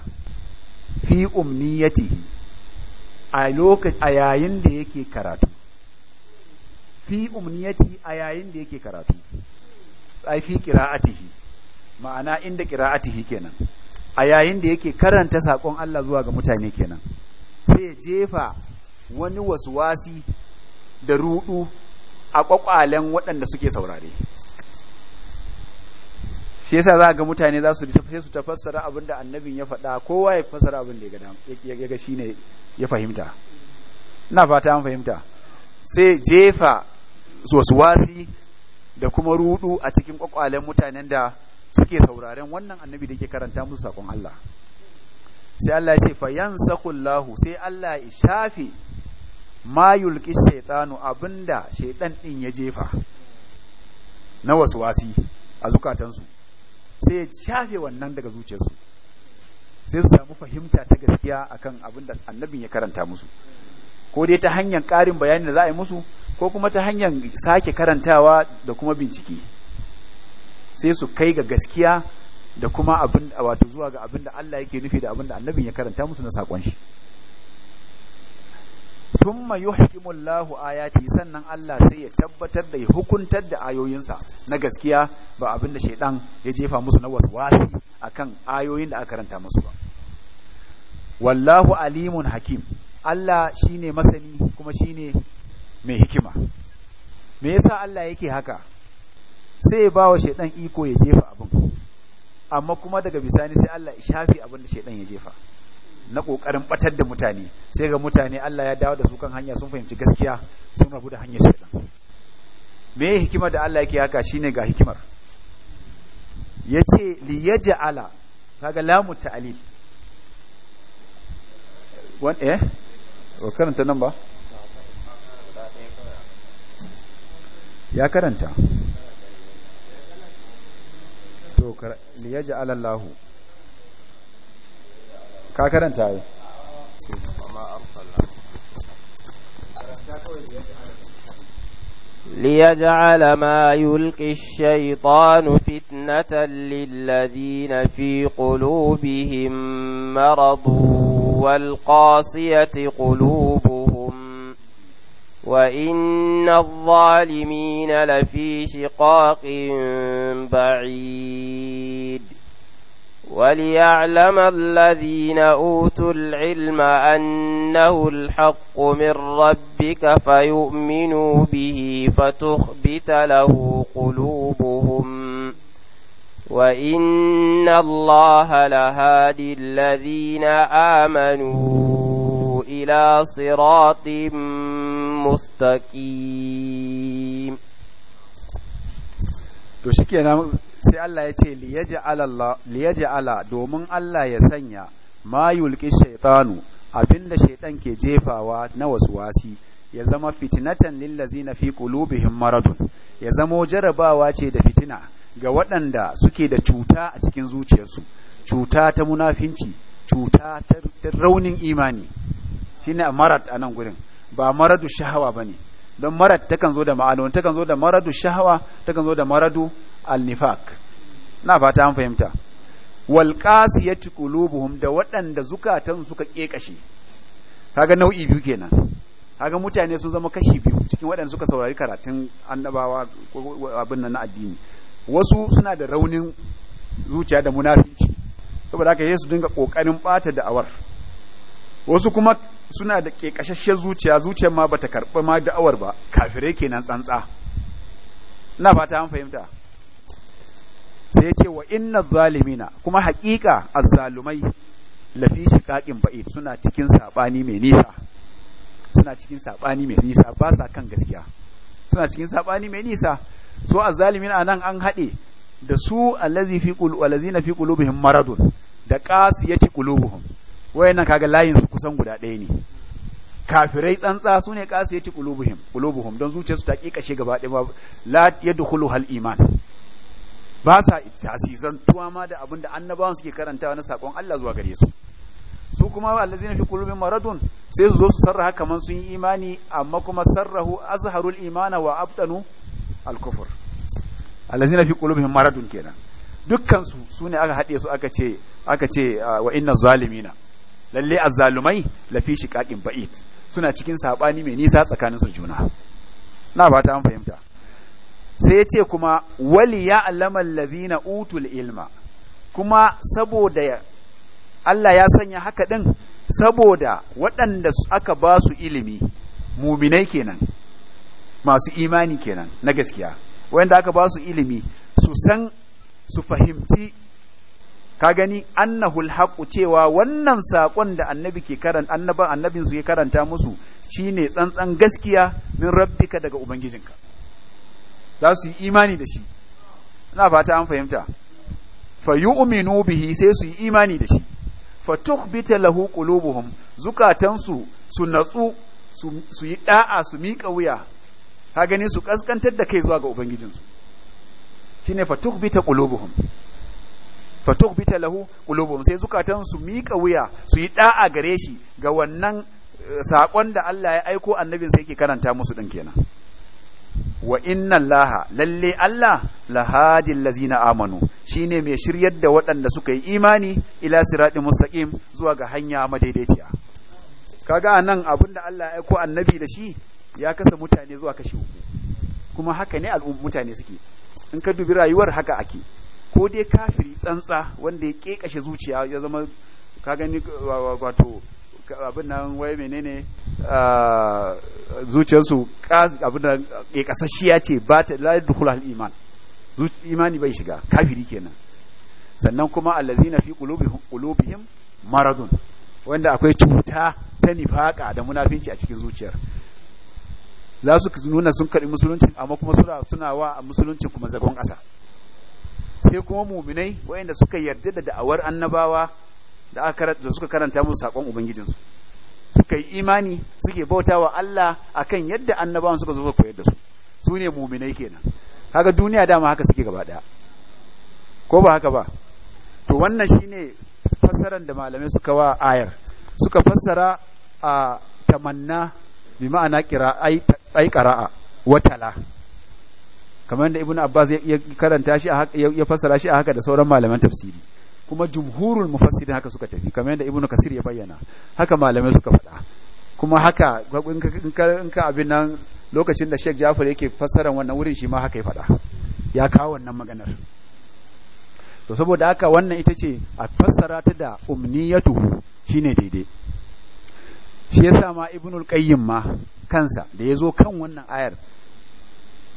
fi umniyatihi a a yayin da yake karatu fi umniyati a yayin da yake karatu ai fi qira'atihi ma'ana inda qira'atihi kenan a yayin da yake karanta sakon Allah zuwa ga mutane kenan sai jefa wani wasu wasi da rudu a kwakwalen waɗanda suke saurare shi yasa za ga mutane za su tafasara abin da annabin ya faɗa kowa ya fasara abin da ya ga ne. ya fahimta ina fata an fahimta sai jefa wasi da kuma rudu a cikin kwakwalen mutanen da suke sauraren wannan annabi da ke karanta musu sakon Allah sai Allah ya ce fa yansakullahu sai Allah ya shafe ma yulki shaytanu abinda shaytan din ya jefa na wasu wasi a zukatansu sai ya shafe wannan daga zuciyarsu sai su samu fahimta ta gaskiya akan abin da annabin ya karanta musu ko dai ta hanyar ƙarin bayanin da za a yi musu ko kuma ta hanyar sake karantawa da kuma bincike sai su kai ga gaskiya da kuma abin wato zuwa ga abin da Allah yake nufi da abin da annabin ya karanta musu na sakon shi thumma yuhkimu Allahu ayati sannan Allah sai ya tabbatar da ya hukuntar da ayoyinsa na gaskiya ba abin da shaydan ya jefa musu na waswasi akan ayoyin da aka karanta musu ba wallahu alimun hakim Allah shine masani kuma shine mai hikima me yasa Allah yake haka sai ya bawa shaidan iko ya jefa abin amma kuma daga bisani sai Allah ya shafi abin da shaidan ya jefa na kokarin batar da mutane sai ga mutane Allah ya dawo da su kan hanya sun fahimci gaskiya sun rabu da hanyar shaidan me hikimar da Allah yake haka shine ga hikimar yace li ala kaga lamu ta'lil Wani eh wa karanta nan ba ya karanta to li yaj'ala Allahu ka karanta yi
amma arsalna karanta kawai ليجعل ما يلقي الشيطان فتنة للذين في قلوبهم مرض والقاسية قلوبهم وإن الظالمين لفي شقاق بعيد وليعلم الذين أوتوا العلم أنه الحق من ربك فيؤمنوا به فتخبت له قلوبهم وإن الله لهادي الذين آمنوا إلى صراط
مستقيم sai Allah ya ce ala domin Allah ya sanya ma yulki shaitanu abinda shaitan ke jefawa na wasu wasi ya zama fitinatan lillazina fi qulubihim maradun ya zama jarabawa ce da fitina ga waɗanda suke da cuta a cikin zuciyarsu cuta ta munafinci cuta ta raunin imani shine marad a nan gurin ba maradu shahawa bane don ta takan zo da ma'anoni takan zo da maradu shahawa takan zo da maradu al-nifaq na fata an fahimta wal qasiyati qulubuhum da waɗanda zukatan suka kekashe kaga nau'i biyu kenan kaga mutane sun zama kashi biyu cikin waɗanda suka saurari karatun annabawa ko abin nan na addini wasu suna da raunin zuciya da munafici saboda haka yesu dinga kokarin bata da'awar wasu kuma suna da ƙeƙashashen zuciya zuciya ma bata karɓi ma da'awar ba kafirai kenan tsantsa ina fata an fahimta sai ce wa inna zalimina kuma haƙiƙa azzalumai lafi shiqaqin ba'id suna cikin saɓani mai nisa suna cikin saɓani mai nisa ba sa kan gaskiya suna cikin saɓani mai nisa so azzalimina nan an haɗe da su allazi fi fi qulubihim maradun da qasiyati qulubuhum wayannan kaga layin su kusan guda ɗaya ne kafirai tsantsa su ne ya qulubuhum qulubuhum don zuciyarsu ta kikashe gaba ɗaya la yadkhulu hal iman ba sa tasizan tuwa ma da abinda annabawan suke karantawa na sakon Allah zuwa gare su su kuma allazina fi qulubihim maradun sai su zo su sarraha kaman sun yi imani amma kuma sarrahu azharul imana wa abtanu al kufr allazina fi qulubihim maradun kenan dukkan su sune aka hade su aka ce aka ce wa inna zalimina lalle azzalumai lafi shiqaqin ba'id suna cikin saɓani mai nisa tsakanin su juna na ba ta an fahimta sai yace kuma wali ya allama na utul ilma kuma saboda Allah ya sanya haka din saboda waɗanda aka ba su ilimi muminai kenan masu imani kenan na gaskiya wanda aka ba su ilimi su san su fahimci ka gani annahul cewa wannan sakon da annabi ke karanta annaban annabin su ke karanta musu shine tsantsan gaskiya min rabbika daga ubangijinka za su yi imani da shi ina fata an fahimta fa yu'minu bihi sai su yi imani da shi fa tukhbita lahu qulubuhum zukatansu su natsu su yi da'a su miƙa wuya ka gani su kaskantar da kai zuwa ga ubangijinsu shine fa tukhbita qulubuhum bita lahu qulubuhum sai zukatan su mika wuya su yi da'a gare shi ga wannan eh, sakon da Allah ya aiko annabin sai yake karanta musu din kenan wa inna Allah lalle Allah Lahadin lazina amanu shine mai shiryar da waɗanda suka yi imani ila siratin mustaqim zuwa ga hanya madaidaiciya kaga anan abinda Allah ya aiko annabi da shi ya kasa mutane zuwa kashi uku kuma haka ne mutane suke in ka dubi rayuwar haka ake ko dai kafiri tsantsa wanda ya kekashe zuciya ya zama ka gani wato abin nan wai menene zuciyarsu abin nan ya ce ba ta la dukhul al'iman iman imani bai shiga kafiri kenan sannan kuma na fi qulubihim maradun wanda akwai cuta ta nifaka da munafinci a cikin zuciyar za su nuna sun karɓi musuluncin amma kuma suna wa musuluncin kuma zagon ƙasa sai kuma muminai waɗanda suka yarda da da'awar annabawa da aka da suka karanta musu sakon su suka yi imani suke bautawa Allah akan yadda annabawan suka zo koyar da su su ne muminai kenan kaga duniya dama haka suke gaba daya ko ba haka ba to wannan shine fassaran da malamai suka wa ayar suka fassara a tamanna bi ma'ana kira ai qira'a wa tala kamar da ibnu abbas ya karanta shi ya fassara shi a haka da sauran malaman tafsiri kuma jumhurul mufassirin haka suka tafi kamar da ibnu kasir ya bayyana haka malamai suka faɗa kuma haka in ka abin nan lokacin da Sheikh Jafar yake fassara wannan wurin shi ma haka ya faɗa ya kawo wannan maganar to saboda haka wannan ita ce a fassara ta da umniyatu shine daidai shi yasa ma ibnul qayyim ma kansa da yazo kan wannan ayar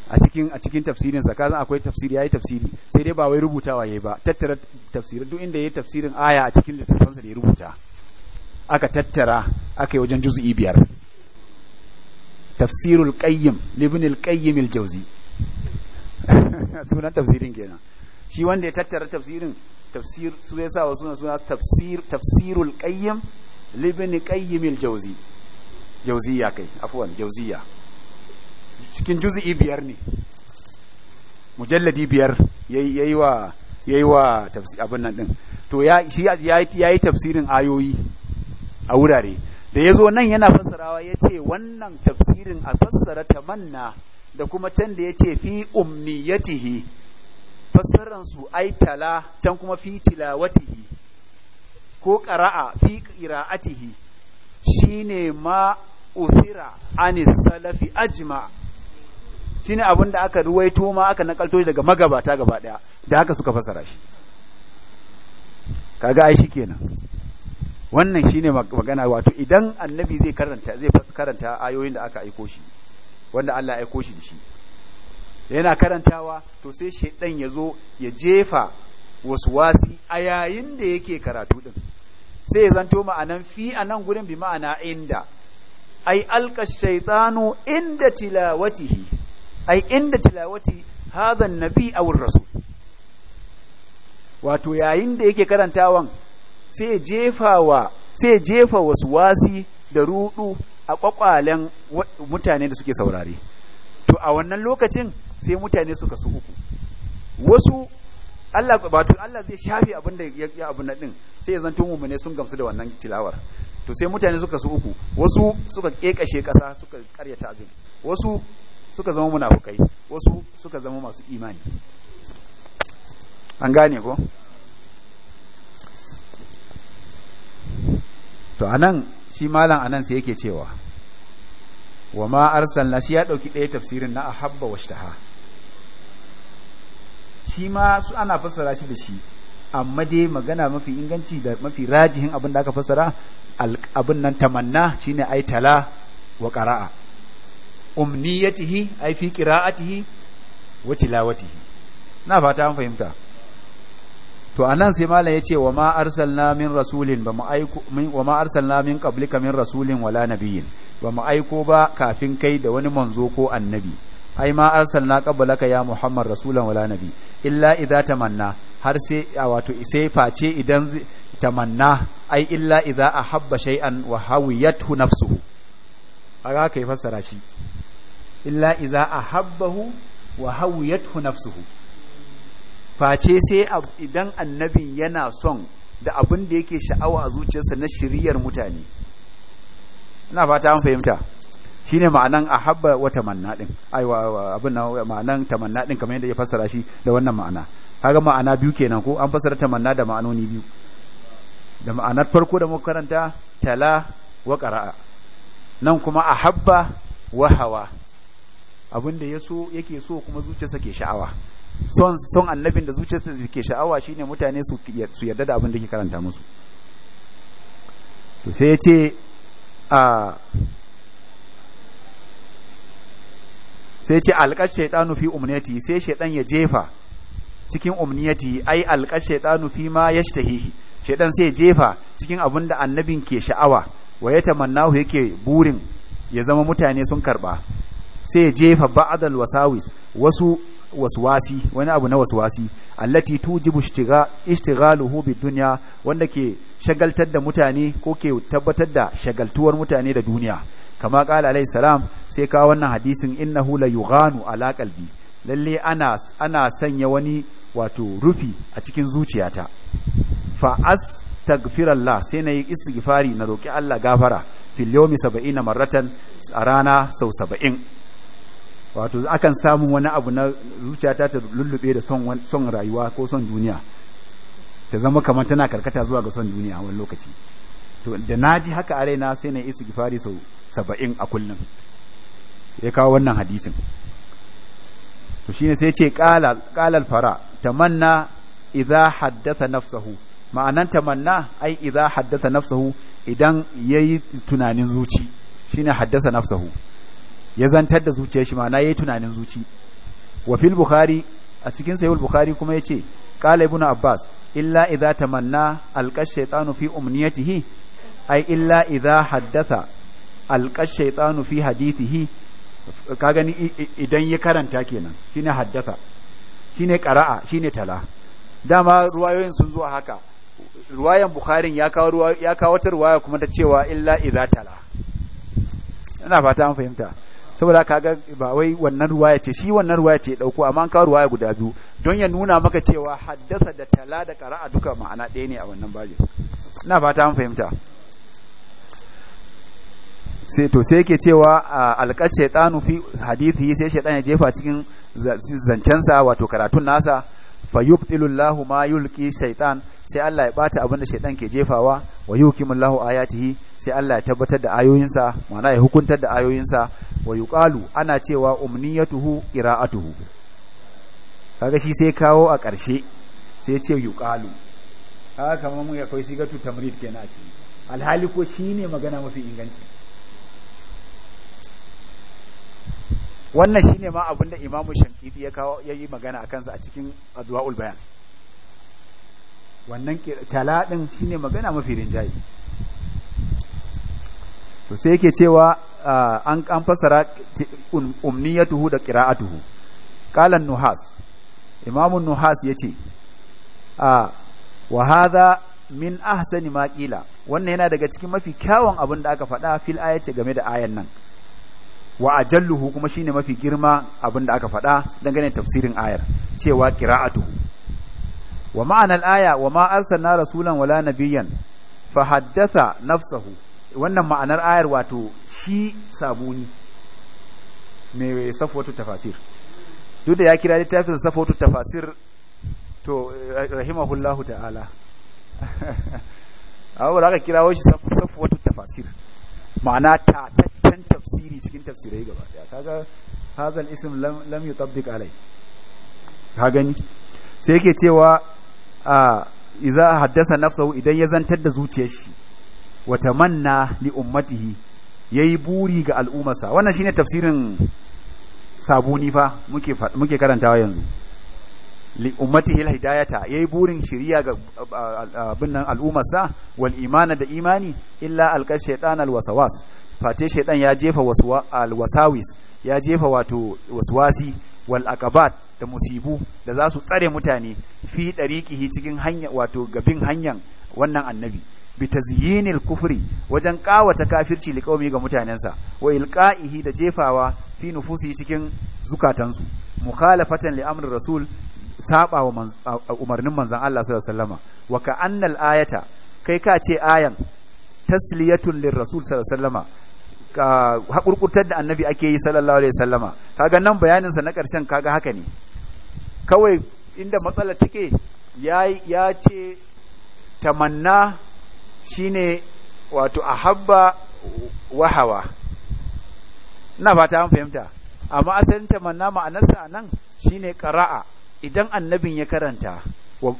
a cikin a cikin tafsirin sa kazan akwai tafsiri yayi tafsiri sai dai ba wai rubutawa yayi ba tattara tafsirin duk inda yayi tafsirin aya a cikin littafin sa da ya rubuta aka tattara aka yi wajen juz'i biyar tafsirul qayyim ibn al-qayyim al-jawzi sunan tafsirin kenan shi wanda ya tattara tafsirin tafsir su ya sa wa suna suna tafsir tafsirul qayyim ibn qayyim al-jawzi jawziya kai afwan jawziya cikin juz'i biyar ne mujalladi biyar yayi wa wa tafsir abin nan din to ya shi yayi tafsirin ayoyi a wurare da yazo nan yana fassarawa yace wannan tafsirin a fassara ta manna. da kuma can da yace fi tihi. fassaran su aitala can kuma fi tilawatihi ko qara'a fi qira'atihi shine ma uthira anis salafi ajma' shine abin da aka ruwaito ma aka nakalto daga magabata gaba daya da haka suka fasara shi kaga ai kenan. wannan shine magana wato idan annabi zai karanta zai karanta ayoyin da aka aiko shi wanda Allah ya aiko shi da shi yana karantawa to sai shedan ya zo ya jefa wasu wasi a yayin da yake karatu din sai ya zanto ma'anan fi anan gurin bi ma'ana inda ai alka shaytanu inda tilawatihi ai inda tilawati hadha nabi aw rasul wato yayin da yake karantawan sai jefawa sai jefa wasu wasi da rudu a kwakwalen mutane da suke saurare to a wannan lokacin sai mutane suka su uku wasu Allah wato Allah zai shafi abin da ya abu na din sai ya zanto ne sun gamsu da wannan tilawar to sai mutane suka su uku wasu suka kekashe kasa suka karyata abin wasu suka zama munafukai wasu suka zama masu imani an gane ko to anan shi malam anan sai yake cewa wa ma arsalna shi ya dauki ɗaya tafsirin na ahabba washtaha shi ma su ana fassara shi da shi amma dai magana mafi inganci da mafi rajihin abin da aka fassara abin nan tamanna shine aitala wa qara'a umniyatihi ay fi qira'atihi wa tilawatihi na fata an fahimta to anan sai malam yace wa ma arsalna min rasulin ba mu aiko wa ma arsalna min qablika min rasulin wala nabiyyin ba mu aiko ba kafin kai da wani manzo ko annabi ai ma arsalna qablaka ya muhammad rasulan wala nabi illa idza tamanna har sai wato sai face idan tamanna ai illa idza ahabba shay'an wa hawiyathu nafsuhu aga kai fassara shi illa iza ahabbahu wa hawiyathu nafsuhu face sai idan annabin yana son da abin da yake sha'awa a zuciyarsa na shiriyar mutane ina fata an fahimta shine ma'anan ahabba wa tamanna din aiwa abin nan ma'anan tamanna din kamar yadda ya fassara shi da wannan ma'ana kaga ma'ana biyu kenan ko an fassara tamanna da ma'anoni biyu da ma'anar farko da muka karanta tala wa qara'a nan kuma ahabba wa hawa abin da ya so yake so kuma zuciyarsa ke sha'awa son son annabin da zuciyarsa ke sha'awa shine mutane su su yarda da abin da ke karanta musu to sai yace a sai yace alqash shaytanu fi umniyati sai shaytan ya jefa cikin umniyati ai alqash shaytanu fi ma yashtahihi shaytan sai ya jefa cikin abin da annabin ke sha'awa wa yatamannahu yake burin ya zama mutane sun karba sai ya jefa ba'adal wasawis wasu waswasi wani abu na waswasi allati tujibu ishtighaluhu bid-dunya wanda ke shagaltar da mutane ko ke tabbatar da shagaltuwar mutane da duniya kama kala alayhi salam sai ka wannan hadisin innahu la yughanu ala qalbi lalle ana ana sanya wani wato rufi a cikin zuciyata fa astaghfirullah sai nayi istighfari na roki Allah gafara fil yawmi 70 marratan a rana sau 70 wato akan samu wani abu na zuciyata ta lullube da son rayuwa ko son duniya ta zama kamar tana karkata zuwa ga son duniya wani lokaci to da ji haka a raina sai na gifari sau saba'in a kullum ya kawo wannan hadisin to shine sai ce kalal fara tamanna idza haddatha nafsahu ma'anan tamanna ai idza haddatha nafsahu idan yayi tunanin zuci shine haddasa nafsahu ya zantar da zuciyar shi ma'ana yayi tunanin zuci wa fil bukhari a cikin sahih bukhari kuma yace qala ibnu abbas illa idza tamanna alqa shaytanu fi umniyatihi ay illa idza haddatha alqa shaytanu fi hadithihi ka gani idan ya karanta kenan shine haddatha shine qara'a shine tala dama ruwayoyin sun zo haka ruwayan bukharin ya kawo ya kawo ta ruwaya kuma ta cewa illa idza tala ina fata an fahimta saboda kaga ba wai wannan ruwaya ce shi wannan ruwaya ce dauko amma an kawo ruwaya guda biyu don ya nuna maka cewa haddasa da tala da qara'a duka ma'ana ɗaya ne a wannan baje ina fata an fahimta sai to sai yake cewa alqas shaytanu fi hadithi sai shaytan ya jefa cikin zancensa wato karatun nasa fayubtilu Allahu ma yulqi shaytan sai Allah ya bata abinda shaytan ke jefawa wa yukimu Allahu ayatihi sai Allah ya tabbatar da ayoyinsa mana ya hukuntar da ayoyinsa wa yuqalu ana cewa umni umniyatuhu qira'atuhu kaga shi sai kawo a ƙarshe sai ya ce yuqalu haka kamar mu akwai sigatu tamrid kenan a ciki alhali ko shine magana mafi inganci wannan shine ma abin da imamu shankifi ya kawo yayi magana akan sa a cikin adwaul bayan wannan taladin shine magana mafi rinjaye. to sai yake cewa ah, an an fasara um, umniyatuhu da qira'atuhu qalan nuhas imam nuhas yace a ah, wa hadha min ahsani ma qila wannan yana daga cikin mafi kyawun abin da aka faɗa fil ayati game da ayan nan wa ajalluhu kuma shine mafi girma abin da aka faɗa dangane tafsirin ayar cewa qira'atuhu wa ma'anar aya wa ma arsalna rasulan wala nabiyyan fa haddatha nafsahu wannan ma'anar ayar wato shi sabuni mai safotu tafasir duk da ya kira littafin safotu tafasir to rahimahullahu ta'ala abubuwa da aka kira shi safotu tafasir ma'ana tataccen tafsiri cikin tafsirai gaba daya kaga hazal isim lam yutabbiq alai ka gani sai yake cewa a iza haddasa nafsahu idan ya zantar da zuciyar shi wa tamanna li ummatihi yayi buri ga al'ummarsa wannan shine tafsirin sabuni fa muke muke karantawa yanzu li ummatihi alhidayata yayi burin shiriya ga abin nan al'ummarsa wal imana da imani illa alqa alwaswas fate shaytan ya jefa waswa alwasawis ya jefa wato waswasi wal akabat da musibu da za su tsare mutane fi dariqihi cikin hanya wato gabin hanyan wannan annabi bitazyinil tazyinil kufri wajen kawata kafirci liqaumi ga mutanensa wa ilqaihi da jefawa fi nufusi cikin zukatansu mukhalafatan li amri rasul saba wa umarnin manzon Allah sallallahu alaihi wa ka annal ayata kai ka ce ayan tasliyatun lirrasul sallallahu alaihi wasallama haƙurƙurtar da annabi ake yi sallallahu alaihi wasallama kaga nan sa na ƙarshen kaga haka ne kawai inda matsalar take ya ya ce tamanna shine wato ahabba wahawa na ina fata fahimta amma asalin manna ma'anarsa nan shine qara'a idan annabin ya karanta wa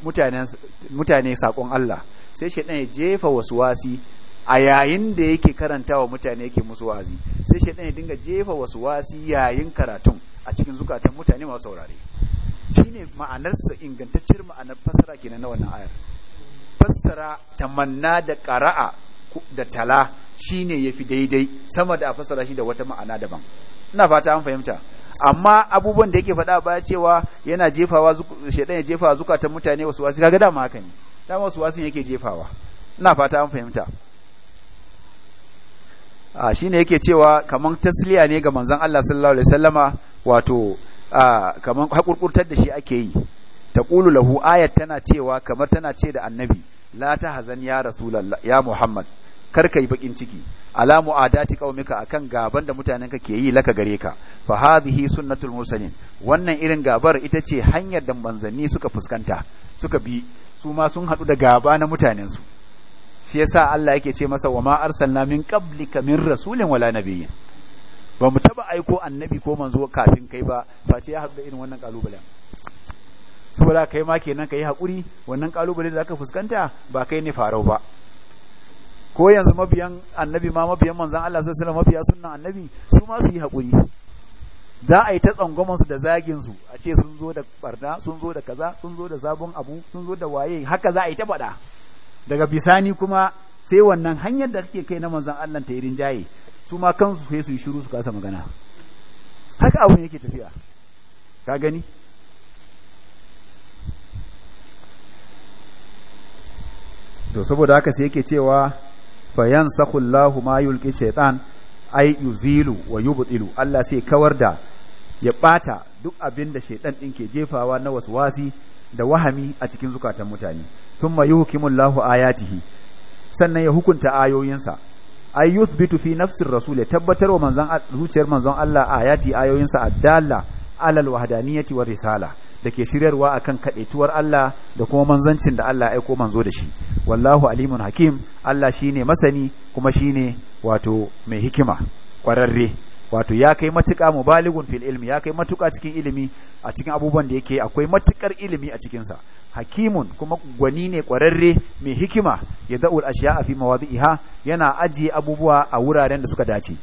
mutane sakon Allah sai shaidan ya jefa wasu wasi a yayin da yake karanta wa mutane yake musu wazi sai shaidan ya dinga jefa wasu wasi yayin karatun a cikin zukatan mutane masu saurare shine ma'anarsa ingantacciyar ma'anar fasara kenan na wannan ayar fassara tamanna da qara'a da tala shine yafi daidai sama da a fassara shi da wata ma'ana daban ina fata an fahimta amma abubuwan da yake faɗa baya cewa yana jefawa shedan ya jefawa zukatan mutane wasu wasu kaga dama haka ne dama wasu wasu yake jefawa ina fata an fahimta a shine yake cewa kaman tasliya ne ga manzon Allah sallallahu alaihi wasallama wato kaman hakurkurtar da shi ake yi kulu lahu ayat tana cewa kamar tana ce da annabi la hazan ya rasulullah ya muhammad kar kai bakin ciki ala mu'adati qaumika akan gaban da mutanen ka ke yi laka gare ka fa hadhihi sunnatul mursalin wannan irin gabar ita ce hanyar da manzanni suka fuskanta suka bi su ma sun hadu da gaba na mutanen su shi yasa Allah yake ce masa wa ma arsalna min qablika min rasulin wala nabiyyin ba mu taba aiko annabi ko manzo kafin kai ba face ya haɗu irin wannan kalubalen saboda kai ma kenan kai hakuri wannan kalubale da zaka fuskanta ba kai ne farau ba ko yanzu mabiyan annabi ma mabiyan manzon Allah sallallahu alaihi wasallam mabiya sunnan annabi su ma su yi hakuri za a yi ta tsangwamansu da zagin su a ce sun zo da barda sun zo da kaza sun zo da sabon abu sun zo da waye haka za a yi ta faɗa daga bisani kuma sai wannan hanyar da kake kai na manzon Allah ta irin jaye su ma kansu sai su yi shiru su kasa magana haka abun yake tafiya ka gani to saboda haka sai yake cewa fayan sakullahu ma yulki shaitan ai yuzilu wa yubtilu Allah sai kawar da ya bata duk abin da shaitan din ke jefawa na waswasi da wahami a cikin zukatan mutane thumma Allahu ayatihi sannan ya hukunta ayoyinsa ay yuthbitu fi nafsir rasul tabbatar wa manzon zuciyar manzon Allah ayati ayoyinsa addalla alal wahdaniyati wa risala da ke shiryarwa akan kaɗaituwar Allah da kuma manzancin da Allah ya aiko manzo da shi wallahu alimun hakim Allah shi ne masani kuma shi ne wato mai hikima ƙwararre wato ya kai matuƙa mubaligun fil ilmi ya kai matuka cikin ilimi a cikin abubuwan da yake akwai matukar ilimi a cikinsa hakimun kuma gwani ne ƙwararre mai hikima ya da'ul ashiya a fi mawadi'iha yana ajiye abubuwa a wuraren da suka dace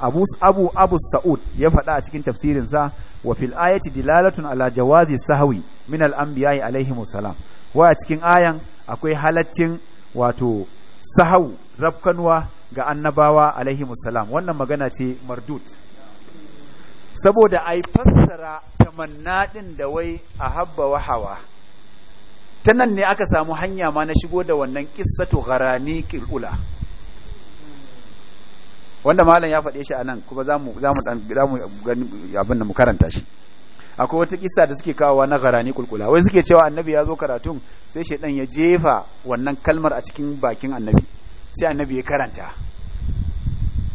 abu abu abu sa'ud ya faɗa a cikin sa wa fil ayati dilalatun ala jawazi sahwi min al anbiya'i alaihim salam wa a cikin ayan akwai halaccin wato sahau rafkanwa ga annabawa alaihim salam wannan magana ce mardut saboda ai fassara tamanna din da wai habba wa hawa ta nan ne aka samu hanya ma na shigo da wannan qissatu gharani qilula wanda malam ya faɗe shi a nan kuma za mu abin da mu karanta shi akwai wata kisa da suke kawowa na garani kulkula wai suke cewa annabi ya zo karatun sai shaidan ya jefa wannan kalmar a cikin bakin annabi sai annabi ya karanta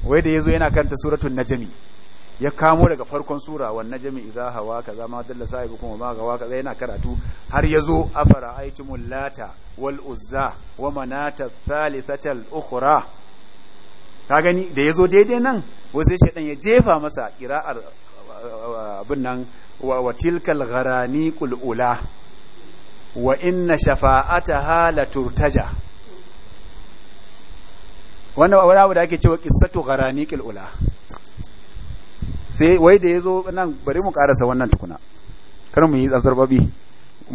wai da ya zo yana karanta suratun najami ya kamo daga farkon sura wa najmi idza hawa kaza ma dalla sahibukum kuma ma kaza yana karatu har ya zo afara aitumul lata wal uzza wa manata thalithatal ukhra ka gani da ya zo daidai nan wasu shaidan ya jefa masa kira'ar abin nan wa tilkal gharani kul'ula wa inna shafa'ata hala turtaja wannan abu da ake cewa qissatu gharani kul'ula sai wai da ya zo nan bari mu karasa wannan tukuna kar mu yi tsarbabi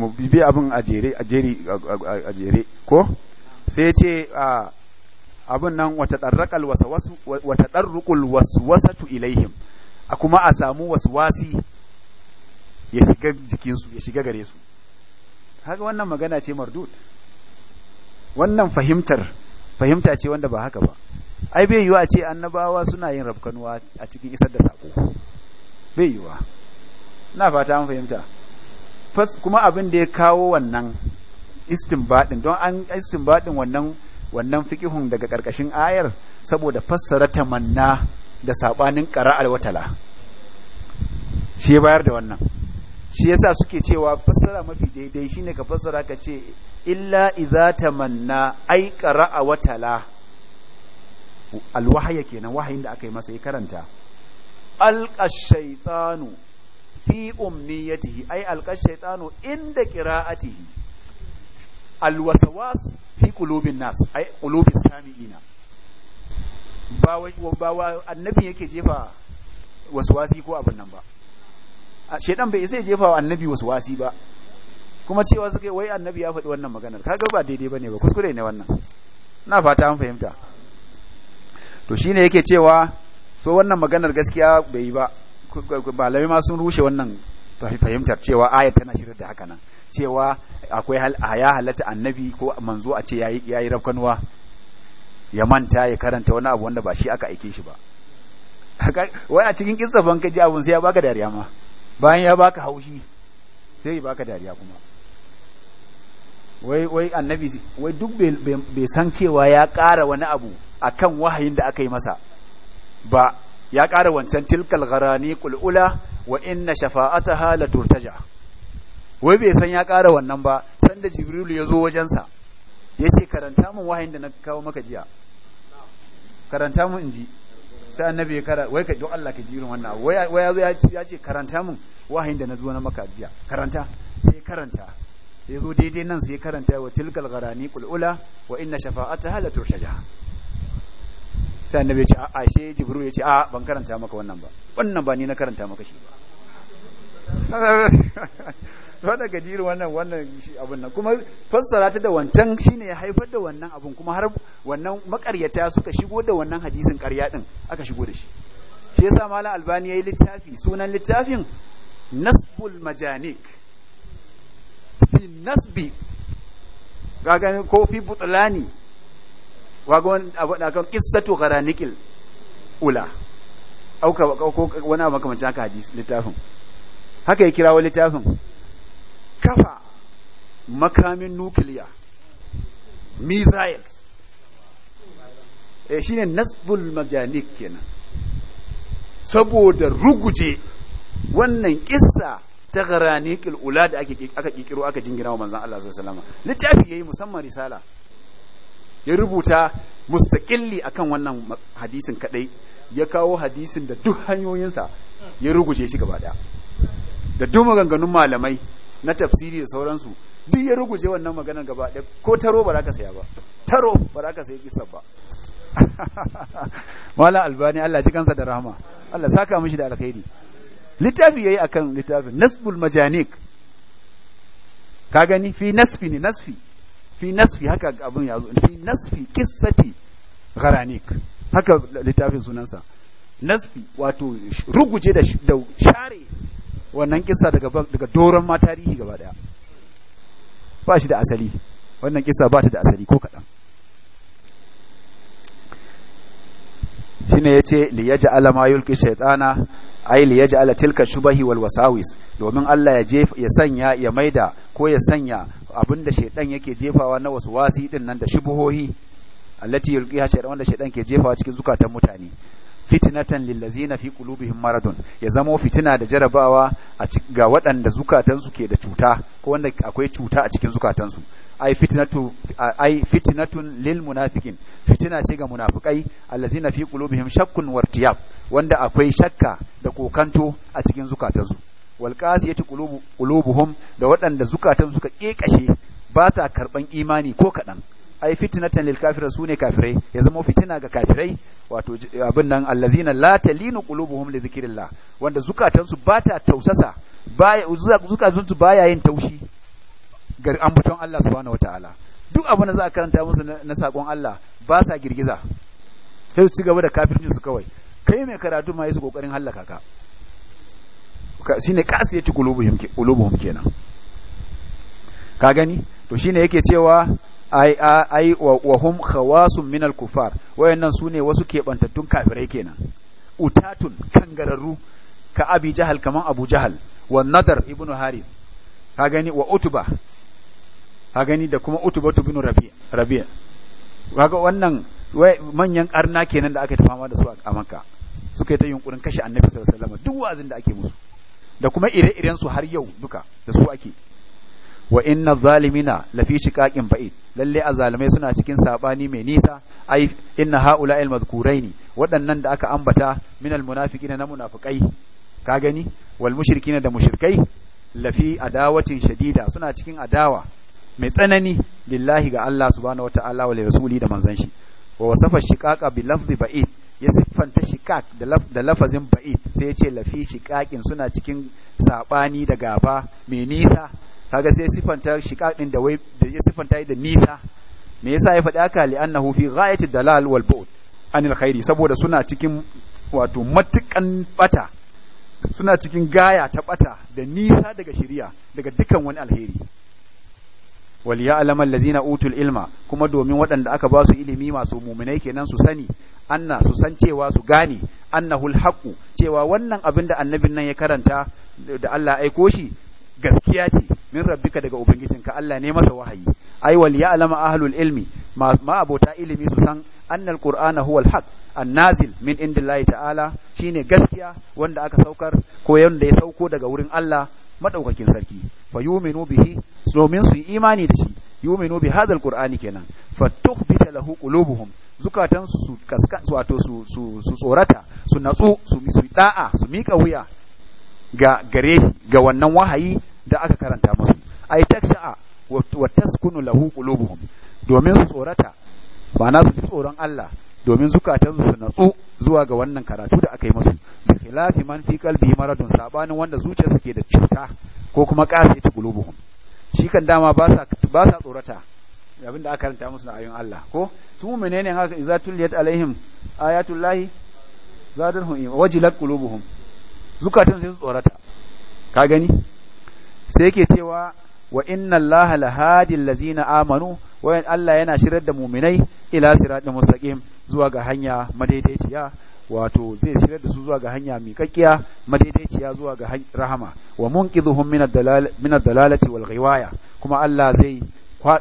mu bi abin a jere a jere ko sai ce a abin nan wata ɗarraƙal tu ilaihim a kuma a samu waswasi ya shiga jikinsu ya shiga gare su haka wannan magana ce mardut wannan fahimtar fahimta ce wanda ba haka ba ai bai yiwa ce annabawa suna yin rabkanuwa a cikin isar da saƙo. bai yiwa na fata an fahimta fas kuma abin da ya kawo wannan istinbadin don an istinbadin wannan wannan fikihun daga karkashin ayar saboda fassara tamanna da sabanin qara'al watala shi ya bayar da wannan shi yasa suke cewa fassara mafi daidai shine ka fassara ka ce illa idza tamanna ay qara'a watala alwahaya kenan wahayin da aka yi masa ya karanta alqa fi umniyatihi ay alqa inda qira'atihi alwaswas fi qulubin nas ai qulubis sami'ina ba wa ba wa annabi yake jefa waswasi ko abin nan ba shedan bai sai jefa wa annabi waswasi ba kuma cewa suka wai annabi ya faɗi wannan maganar kaga ba daidai bane ba kuskure ne wannan na fata an fahimta to shine yake cewa so wannan maganar gaskiya bai yi ba malamai ma sun rushe wannan fahimtar cewa ayat tana shirin da haka nan cewa akwai ya halatta annabi ko manzo a ce ya yi rafkanuwa ya manta ya karanta wani abu wanda ba shi aka aike shi ba wai a cikin kissa ban ka ji abun sai ya baka dariya ma bayan ya baka haushi sai ya baka dariya kuma wai wai annabi wai duk bai san cewa ya ƙara wani abu akan wahayin da aka yi masa ba ya ƙara wancan tilkal gharani qul'ula wa inna shafa'ataha la turtaja' wai bai san ya ƙara wannan ba sanda jibrilu ya zo wajensa ya ce karanta min wahayin da na kawo maka jiya karanta min in ji sai annabi ya kara wai ka don Allah ka ji irin wannan wai ya zo ya ce karanta min wahayin da na zo na maka jiya karanta sai karanta ya zo daidai nan sai karanta wa tilkal gharani qul'ula wa inna shafa'ata hala turshaja sai annabi ya ce a'a she jibril ya ce a ban karanta maka wannan ba wannan ba ni na karanta maka shi ba wannan gajiyar wannan wannan abin nan kuma fassara ta da wancan shine ya haifar da wannan abin kuma har wannan makaryata suka shigo da wannan hadisin ƙarya din aka shigo da shi shi yasa malam albani yayi littafi sunan littafin nasbul majanik fi nasbi kaga ko fi butlani waga wani abu da kan qissatu gharanikil ula auka ko wani abu makamancin haka hadisi littafin haka ya kirawo littafin kafa makamin nukiliya missiles eh shine nasbul majanik kenan saboda ruguje wannan kissa ta garanikul ula da ake aka kikiro aka jingina wa manzon Allah sallallahu alaihi wasallam littafi yayi musamman risala ya rubuta mustaqilli akan wannan hadisin kadai ya kawo hadisin da duk hanyoyinsa ya ruguje shi gaba daya da duk maganganun malamai na tafsiri da sauransu duk ya ruguje wannan maganar gaba ɗaya ko taro ba za ka saya ba taro ba za ka saya kisar ba mala albani Allah ji kansa da rahama Allah saka mishi da alkhairi littafi yayi akan littafin nasbul majanik ka gani fi nasfi ne nasfi fi nasfi haka abin ya zo fi nasfi kissati gharanik haka littafin sunansa nasfi wato ruguje da share wannan kisa daga daga doron ma tarihi gaba daya ba shi da asali wannan kisa ba ta da asali ko kaɗan shine yace li yaj'ala ma yulqi shaytana ay li yaj'ala tilka shubahi wal wasawis domin Allah ya je ya sanya ya maida ko ya sanya abinda shaytan yake jefawa na wasu wasi din nan da shubuhohi allati yulqiha shaytan wanda shaytan ke jefawa cikin zukatan mutane fitnatan lillazina fi qulubihim maradun ya zamo fitina da jarabawa a ga waɗanda zukatansu ke da cuta ko wanda akwai cuta a cikin zukatansu ai fitnatu ai fitnatun lil munafiqin fitina ce ga munafikai allazina fi qulubihim shakkun wartiyab wanda akwai shakka da kokanto a cikin zukatansu wal qasiyati qulubuhum da waɗanda zukatan suka kekashe ba ta karban imani ko kaɗan ai fitnatan lil kafira sune kafirai ya zama fitina ga kafirai wato abin nan allazina la talinu qulubuhum li zikrillah wanda su bata tausasa baya zukatansu baya yin taushi ga ambaton Allah subhanahu wataala duk abin da za a karanta musu na sakon Allah ba sa girgiza sai su ci gaba da kafircin su kawai kai mai karatu ma su kokarin hallaka ka shine kasiyati qulubuhum qulubuhum kenan ka gani to shine yake cewa ai ai wa hum khawasun minal kufar wayannan sune wasu kebantattun kafirai kenan utatun kangararru ka abi jahal kaman abu jahal wa nadar ibnu harith ka gani wa utba ka gani da kuma utba ibn rabi' rabi' kaga wannan manyan karna kenan da aka ta fama da su a makka suka yi ta yunkurin kashe annabi sallallahu alaihi wasallam duk wazin da ake musu da kuma ire-iren su har yau duka da su ake wa inna zalimina lafi shiqaqin ba'id lalle azalimai suna cikin sabani mai nisa ai inna haula al madhkuraini waɗannan da aka ambata min al munafiqina na munafiqai ka gani wal mushrikina da mushrikai lafi adawatin shadida suna cikin adawa mai tsanani lillahi ga Allah subhanahu wata'ala wa rasuli da manzon shi wa wasafa shiqaqa bi lafzi ba'id ya siffanta shiqaq da lafazin ba'id sai ya ce lafi shiqaqin suna cikin sabani da gaba mai nisa kaga sai sifanta shiqaq da wai da ya sifanta da nisa me yasa ya faɗi aka li annahu fi ghayati dalal wal bu'd anil khairi saboda suna cikin wato matukan bata suna cikin gaya ta bata da nisa daga shari'a daga dukan wani alheri wal ya'lamu allazina utul ilma kuma domin waɗanda aka ba su ilimi masu muminai kenan su sani anna su san cewa su gane annahul haqu cewa wannan abin da annabin nan ya karanta da Allah aiko shi gaskiya ce min rabbika daga ka Allah ne masa wahayi ai wal ya'lamu ahlul ilmi ma abota ilimi su san annal qur'ana huwa alhaq annazil min indillahi ta'ala shine gaskiya wanda aka saukar ko yanda ya sauko daga wurin Allah madaukakin sarki fa yu'minu bihi domin su yi imani da shi yu'minu bi hadha qur'ani kenan fa tukhbita lahu qulubuhum zukatan su kaskan wato su su tsorata su natsu su da'a su mika wuya ga gare ga wannan wahayi da aka karanta musu ai taksha wa taskunu lahu qulubuhum domin su tsorata na su tsoron Allah domin zukatan su natsu zuwa ga wannan karatu da aka yi musu bi khilafi man fi qalbi maradun sabanin wanda zuciyarsu ke da cuta ko kuma ta qulubuhum shi kan dama ba sa ba sa tsorata abin da aka karanta musu na ayoyin Allah ko su menene haka yat alaihim lahi zadatuhum wajilat qulubuhum zukatan sai su tsorata ka gani sai yake cewa wa inna allaha hadil lazina amanu wa Allah yana shirar da muminai ila siratin mustaqim zuwa ga hanya madaidaiciya wato zai shirar da su zuwa ga hanya miƙaƙiya madaidaiciya zuwa ga rahama wa munqidhuhum min ad dalalati wal ghiwaya kuma Allah zai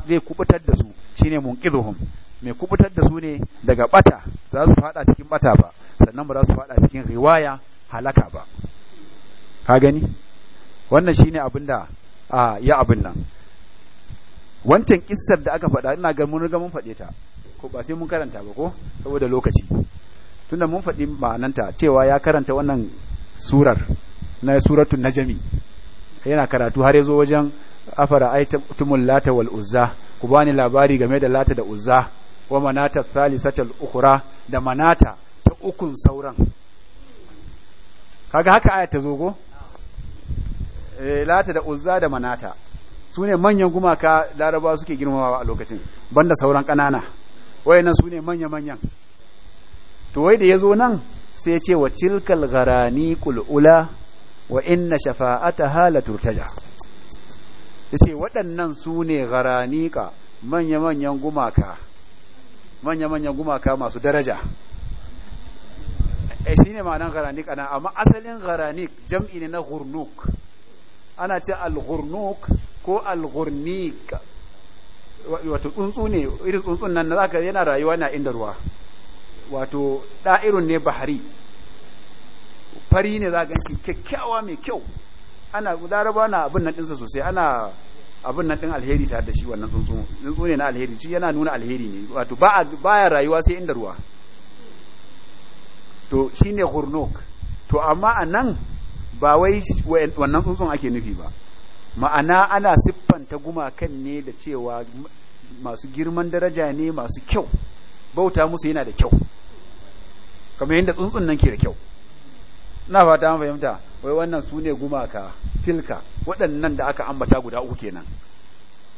zai kubutar da su shine munqidhuhum mai kubutar da su ne daga bata za su fada cikin bata ba sannan ba za su fada cikin riwaya halaka ba ka gani wannan shi ne abin da ya abin nan wancan kissar da aka faɗa ina gan mun riga mun faɗe ta ko ba sai mun karanta ba ko saboda lokaci tunda mun faɗi ma'ananta cewa ya karanta wannan surar na suratul najmi yana karatu har ya zo wajen afara aitumul lata wal uzza ku bani labari game da lata da uzza wa manata al ukhra da manata ta ukun sauran kaga haka aya ta zo go Eh, lata da uzza da manata su ne manyan gumaka laraba suke girmamawa a lokacin banda sauran ƙanana wayannan su ne manya-manyan to wai da ya zo nan sai ya ce wa tilkal gharani kul'ula wa inna shafa'ata hala turtaja ya ce waɗannan su ne gharanika manya-manyan gumaka manya-manyan gumaka masu daraja e eh, shine ne ma'anan gharani kana amma asalin gharani jam'i ne na hurnuk ana ce al-ghurnuk ko al-ghurnik wato tsuntsu ne irin tsuntsun nan na zaka yana rayuwa na inda ruwa wato da'irun ne bahari fari ne za ganci kyakkyawa mai kyau ana laraba na abin nan ɗinsa sosai ana abin nan ɗin alheri tare da shi wannan tsuntsu tsuntsu ne na alheri shi yana nuna alheri ne wato ba ya rayuwa sai inda ruwa to shi ne hurnok to amma a nan ba wai wannan tsuntsun ake nufi ba ma'ana ana siffanta gumakan ne da cewa masu girman daraja ne masu kyau bauta musu yana da kyau kamar yadda tsuntsun nan ke da kyau na fata an fahimta wai wannan su ne gumaka tilka waɗannan da aka ambata guda uku kenan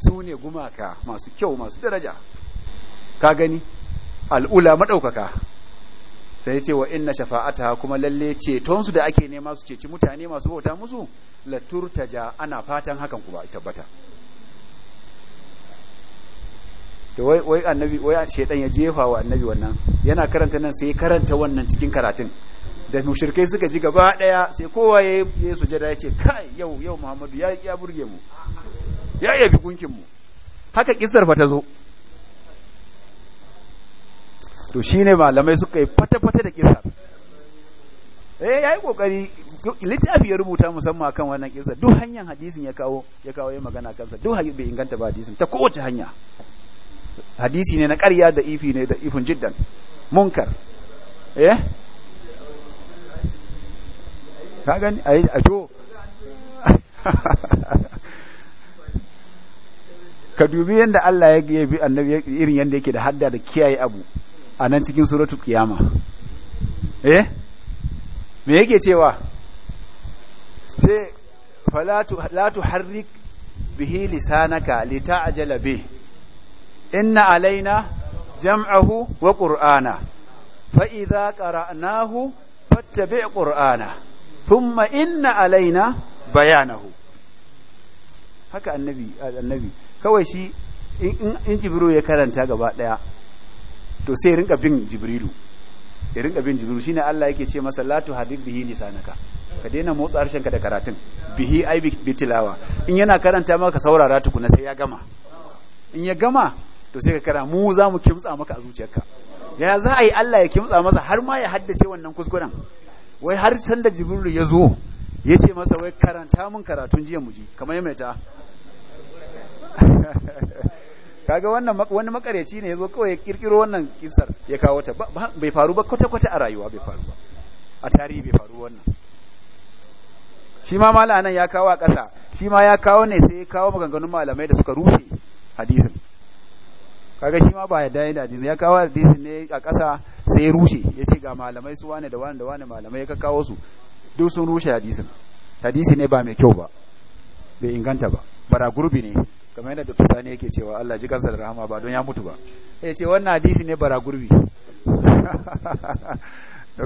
su ne gumaka masu kyau masu daraja ka gani al'ula maɗaukaka sai ce wa inna shafa'ataha kuma lalle cetonsu da ake nema su ceci mutane masu bauta musu laturtaja ana fatan hakan ku ba tabbata to wai wai annabi wai shedan ya jefa wa annabi wannan yana karanta nan sai karanta wannan cikin karatun da mushrikai suka ji gaba daya sai kowa ya yi sujada ya ce kai yau yau Muhammadu ya ya burge mu ya yabi gunkin mu haka kisar fa ta zo to shi ne malamai suka yi fata-fata da kisar eh yi kokari littafi ya rubuta musamman akan wannan kisa duk hanyar hadisin ya kawo ya kawo ya magana kansa duk hanyar bai inganta ba hadisin ta kowace hanya hadisi ne na ƙarya da ifi ne da ifin jiddan munkar eh ka gani yi a to ka dubi yadda Allah ya bi irin yadda yake da hadda da kiyaye abu a nan cikin suratul kiyama eh me yake cewa sai falatu la tuharrik bihi lisanaka lita'jala bi inna alaina jam'ahu wa qur'ana fa idza qara'nahu fattabi' qur'ana thumma inna alaina bayanahu haka annabi annabi kawai shi in jibiru ya karanta gaba daya to sai rinka bin jibrilu ya rinka bin jibrilu shine Allah yake ce masa latu hadith bihi lisanaka ka daina motsa harshenka da karatun bihi ai bi tilawa in yana karanta maka saurara tukuna sai ya gama in ya gama to sai ka kara mu za mu kimtsa maka a zuciyarka ya za a yi Allah ya kimtsa masa har ma ya haddace wannan kuskuren wai har sanda jibrilu ya zo ya ce masa wai karanta mun karatun jiya muji kamar ya kaga wannan wani makareci ne yazo kawai ya kirkiro wannan kisar ya kawo ta bai faru ba kwata kwata a rayuwa bai faru ba a tarihi bai faru wannan shi ma malanan ya kawo a ƙasa shi ma ya kawo ne sai ya kawo maganganun malamai da suka rufe hadisin kaga shi ma ba ya dai da hadisin ya kawo hadisin ne a ƙasa sai ya rushe ya ce ga malamai su wane da wane da wane malamai ya kawo su duk sun rushe hadisin hadisi ne ba mai kyau ba bai inganta ba bara gurbi ne kamar yadda Dr. Sani yake cewa Allah ji kansa da rahama ba don ya mutu ba ya ce wannan hadisi ne bara gurbi to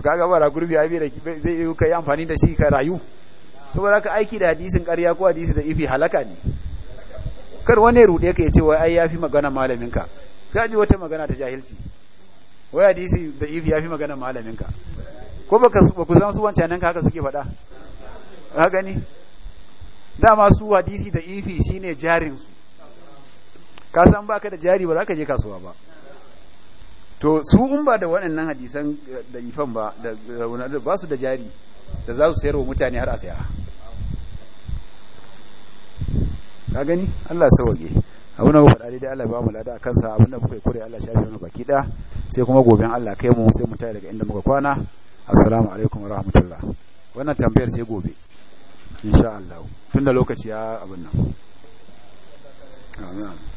kaga bara gurbi abi da zai yi kai amfani da shi ka rayu saboda ka aiki da hadisin ƙarya ko hadisi da ifi halaka ne kar wani rude ka ya ce wai ai yafi magana malaminka ka ji wata magana ta jahilci wai hadisi da ifi yafi magana malaminka ko baka ba ku san su wancan ka haka suke faɗa ka gani dama su hadisi da ifi shine jarin su ka san ka da jari ba za ka je kasuwa ba to su in ba da waɗannan hadisan eh, da ifan ba da ba su da jari da za su sayar wa mutane har a saya ka gani Allah sauke abin da ku faɗa daidai Allah ba mu lada kansa abin da kuka kure Allah shafi mu baki da sai kuma goben Allah kai mu sai mu tayi daga inda muka kwana assalamu alaikum wa rahmatullah wannan tambayar sai gobe insha Allah tunda lokaci ya abin nan amin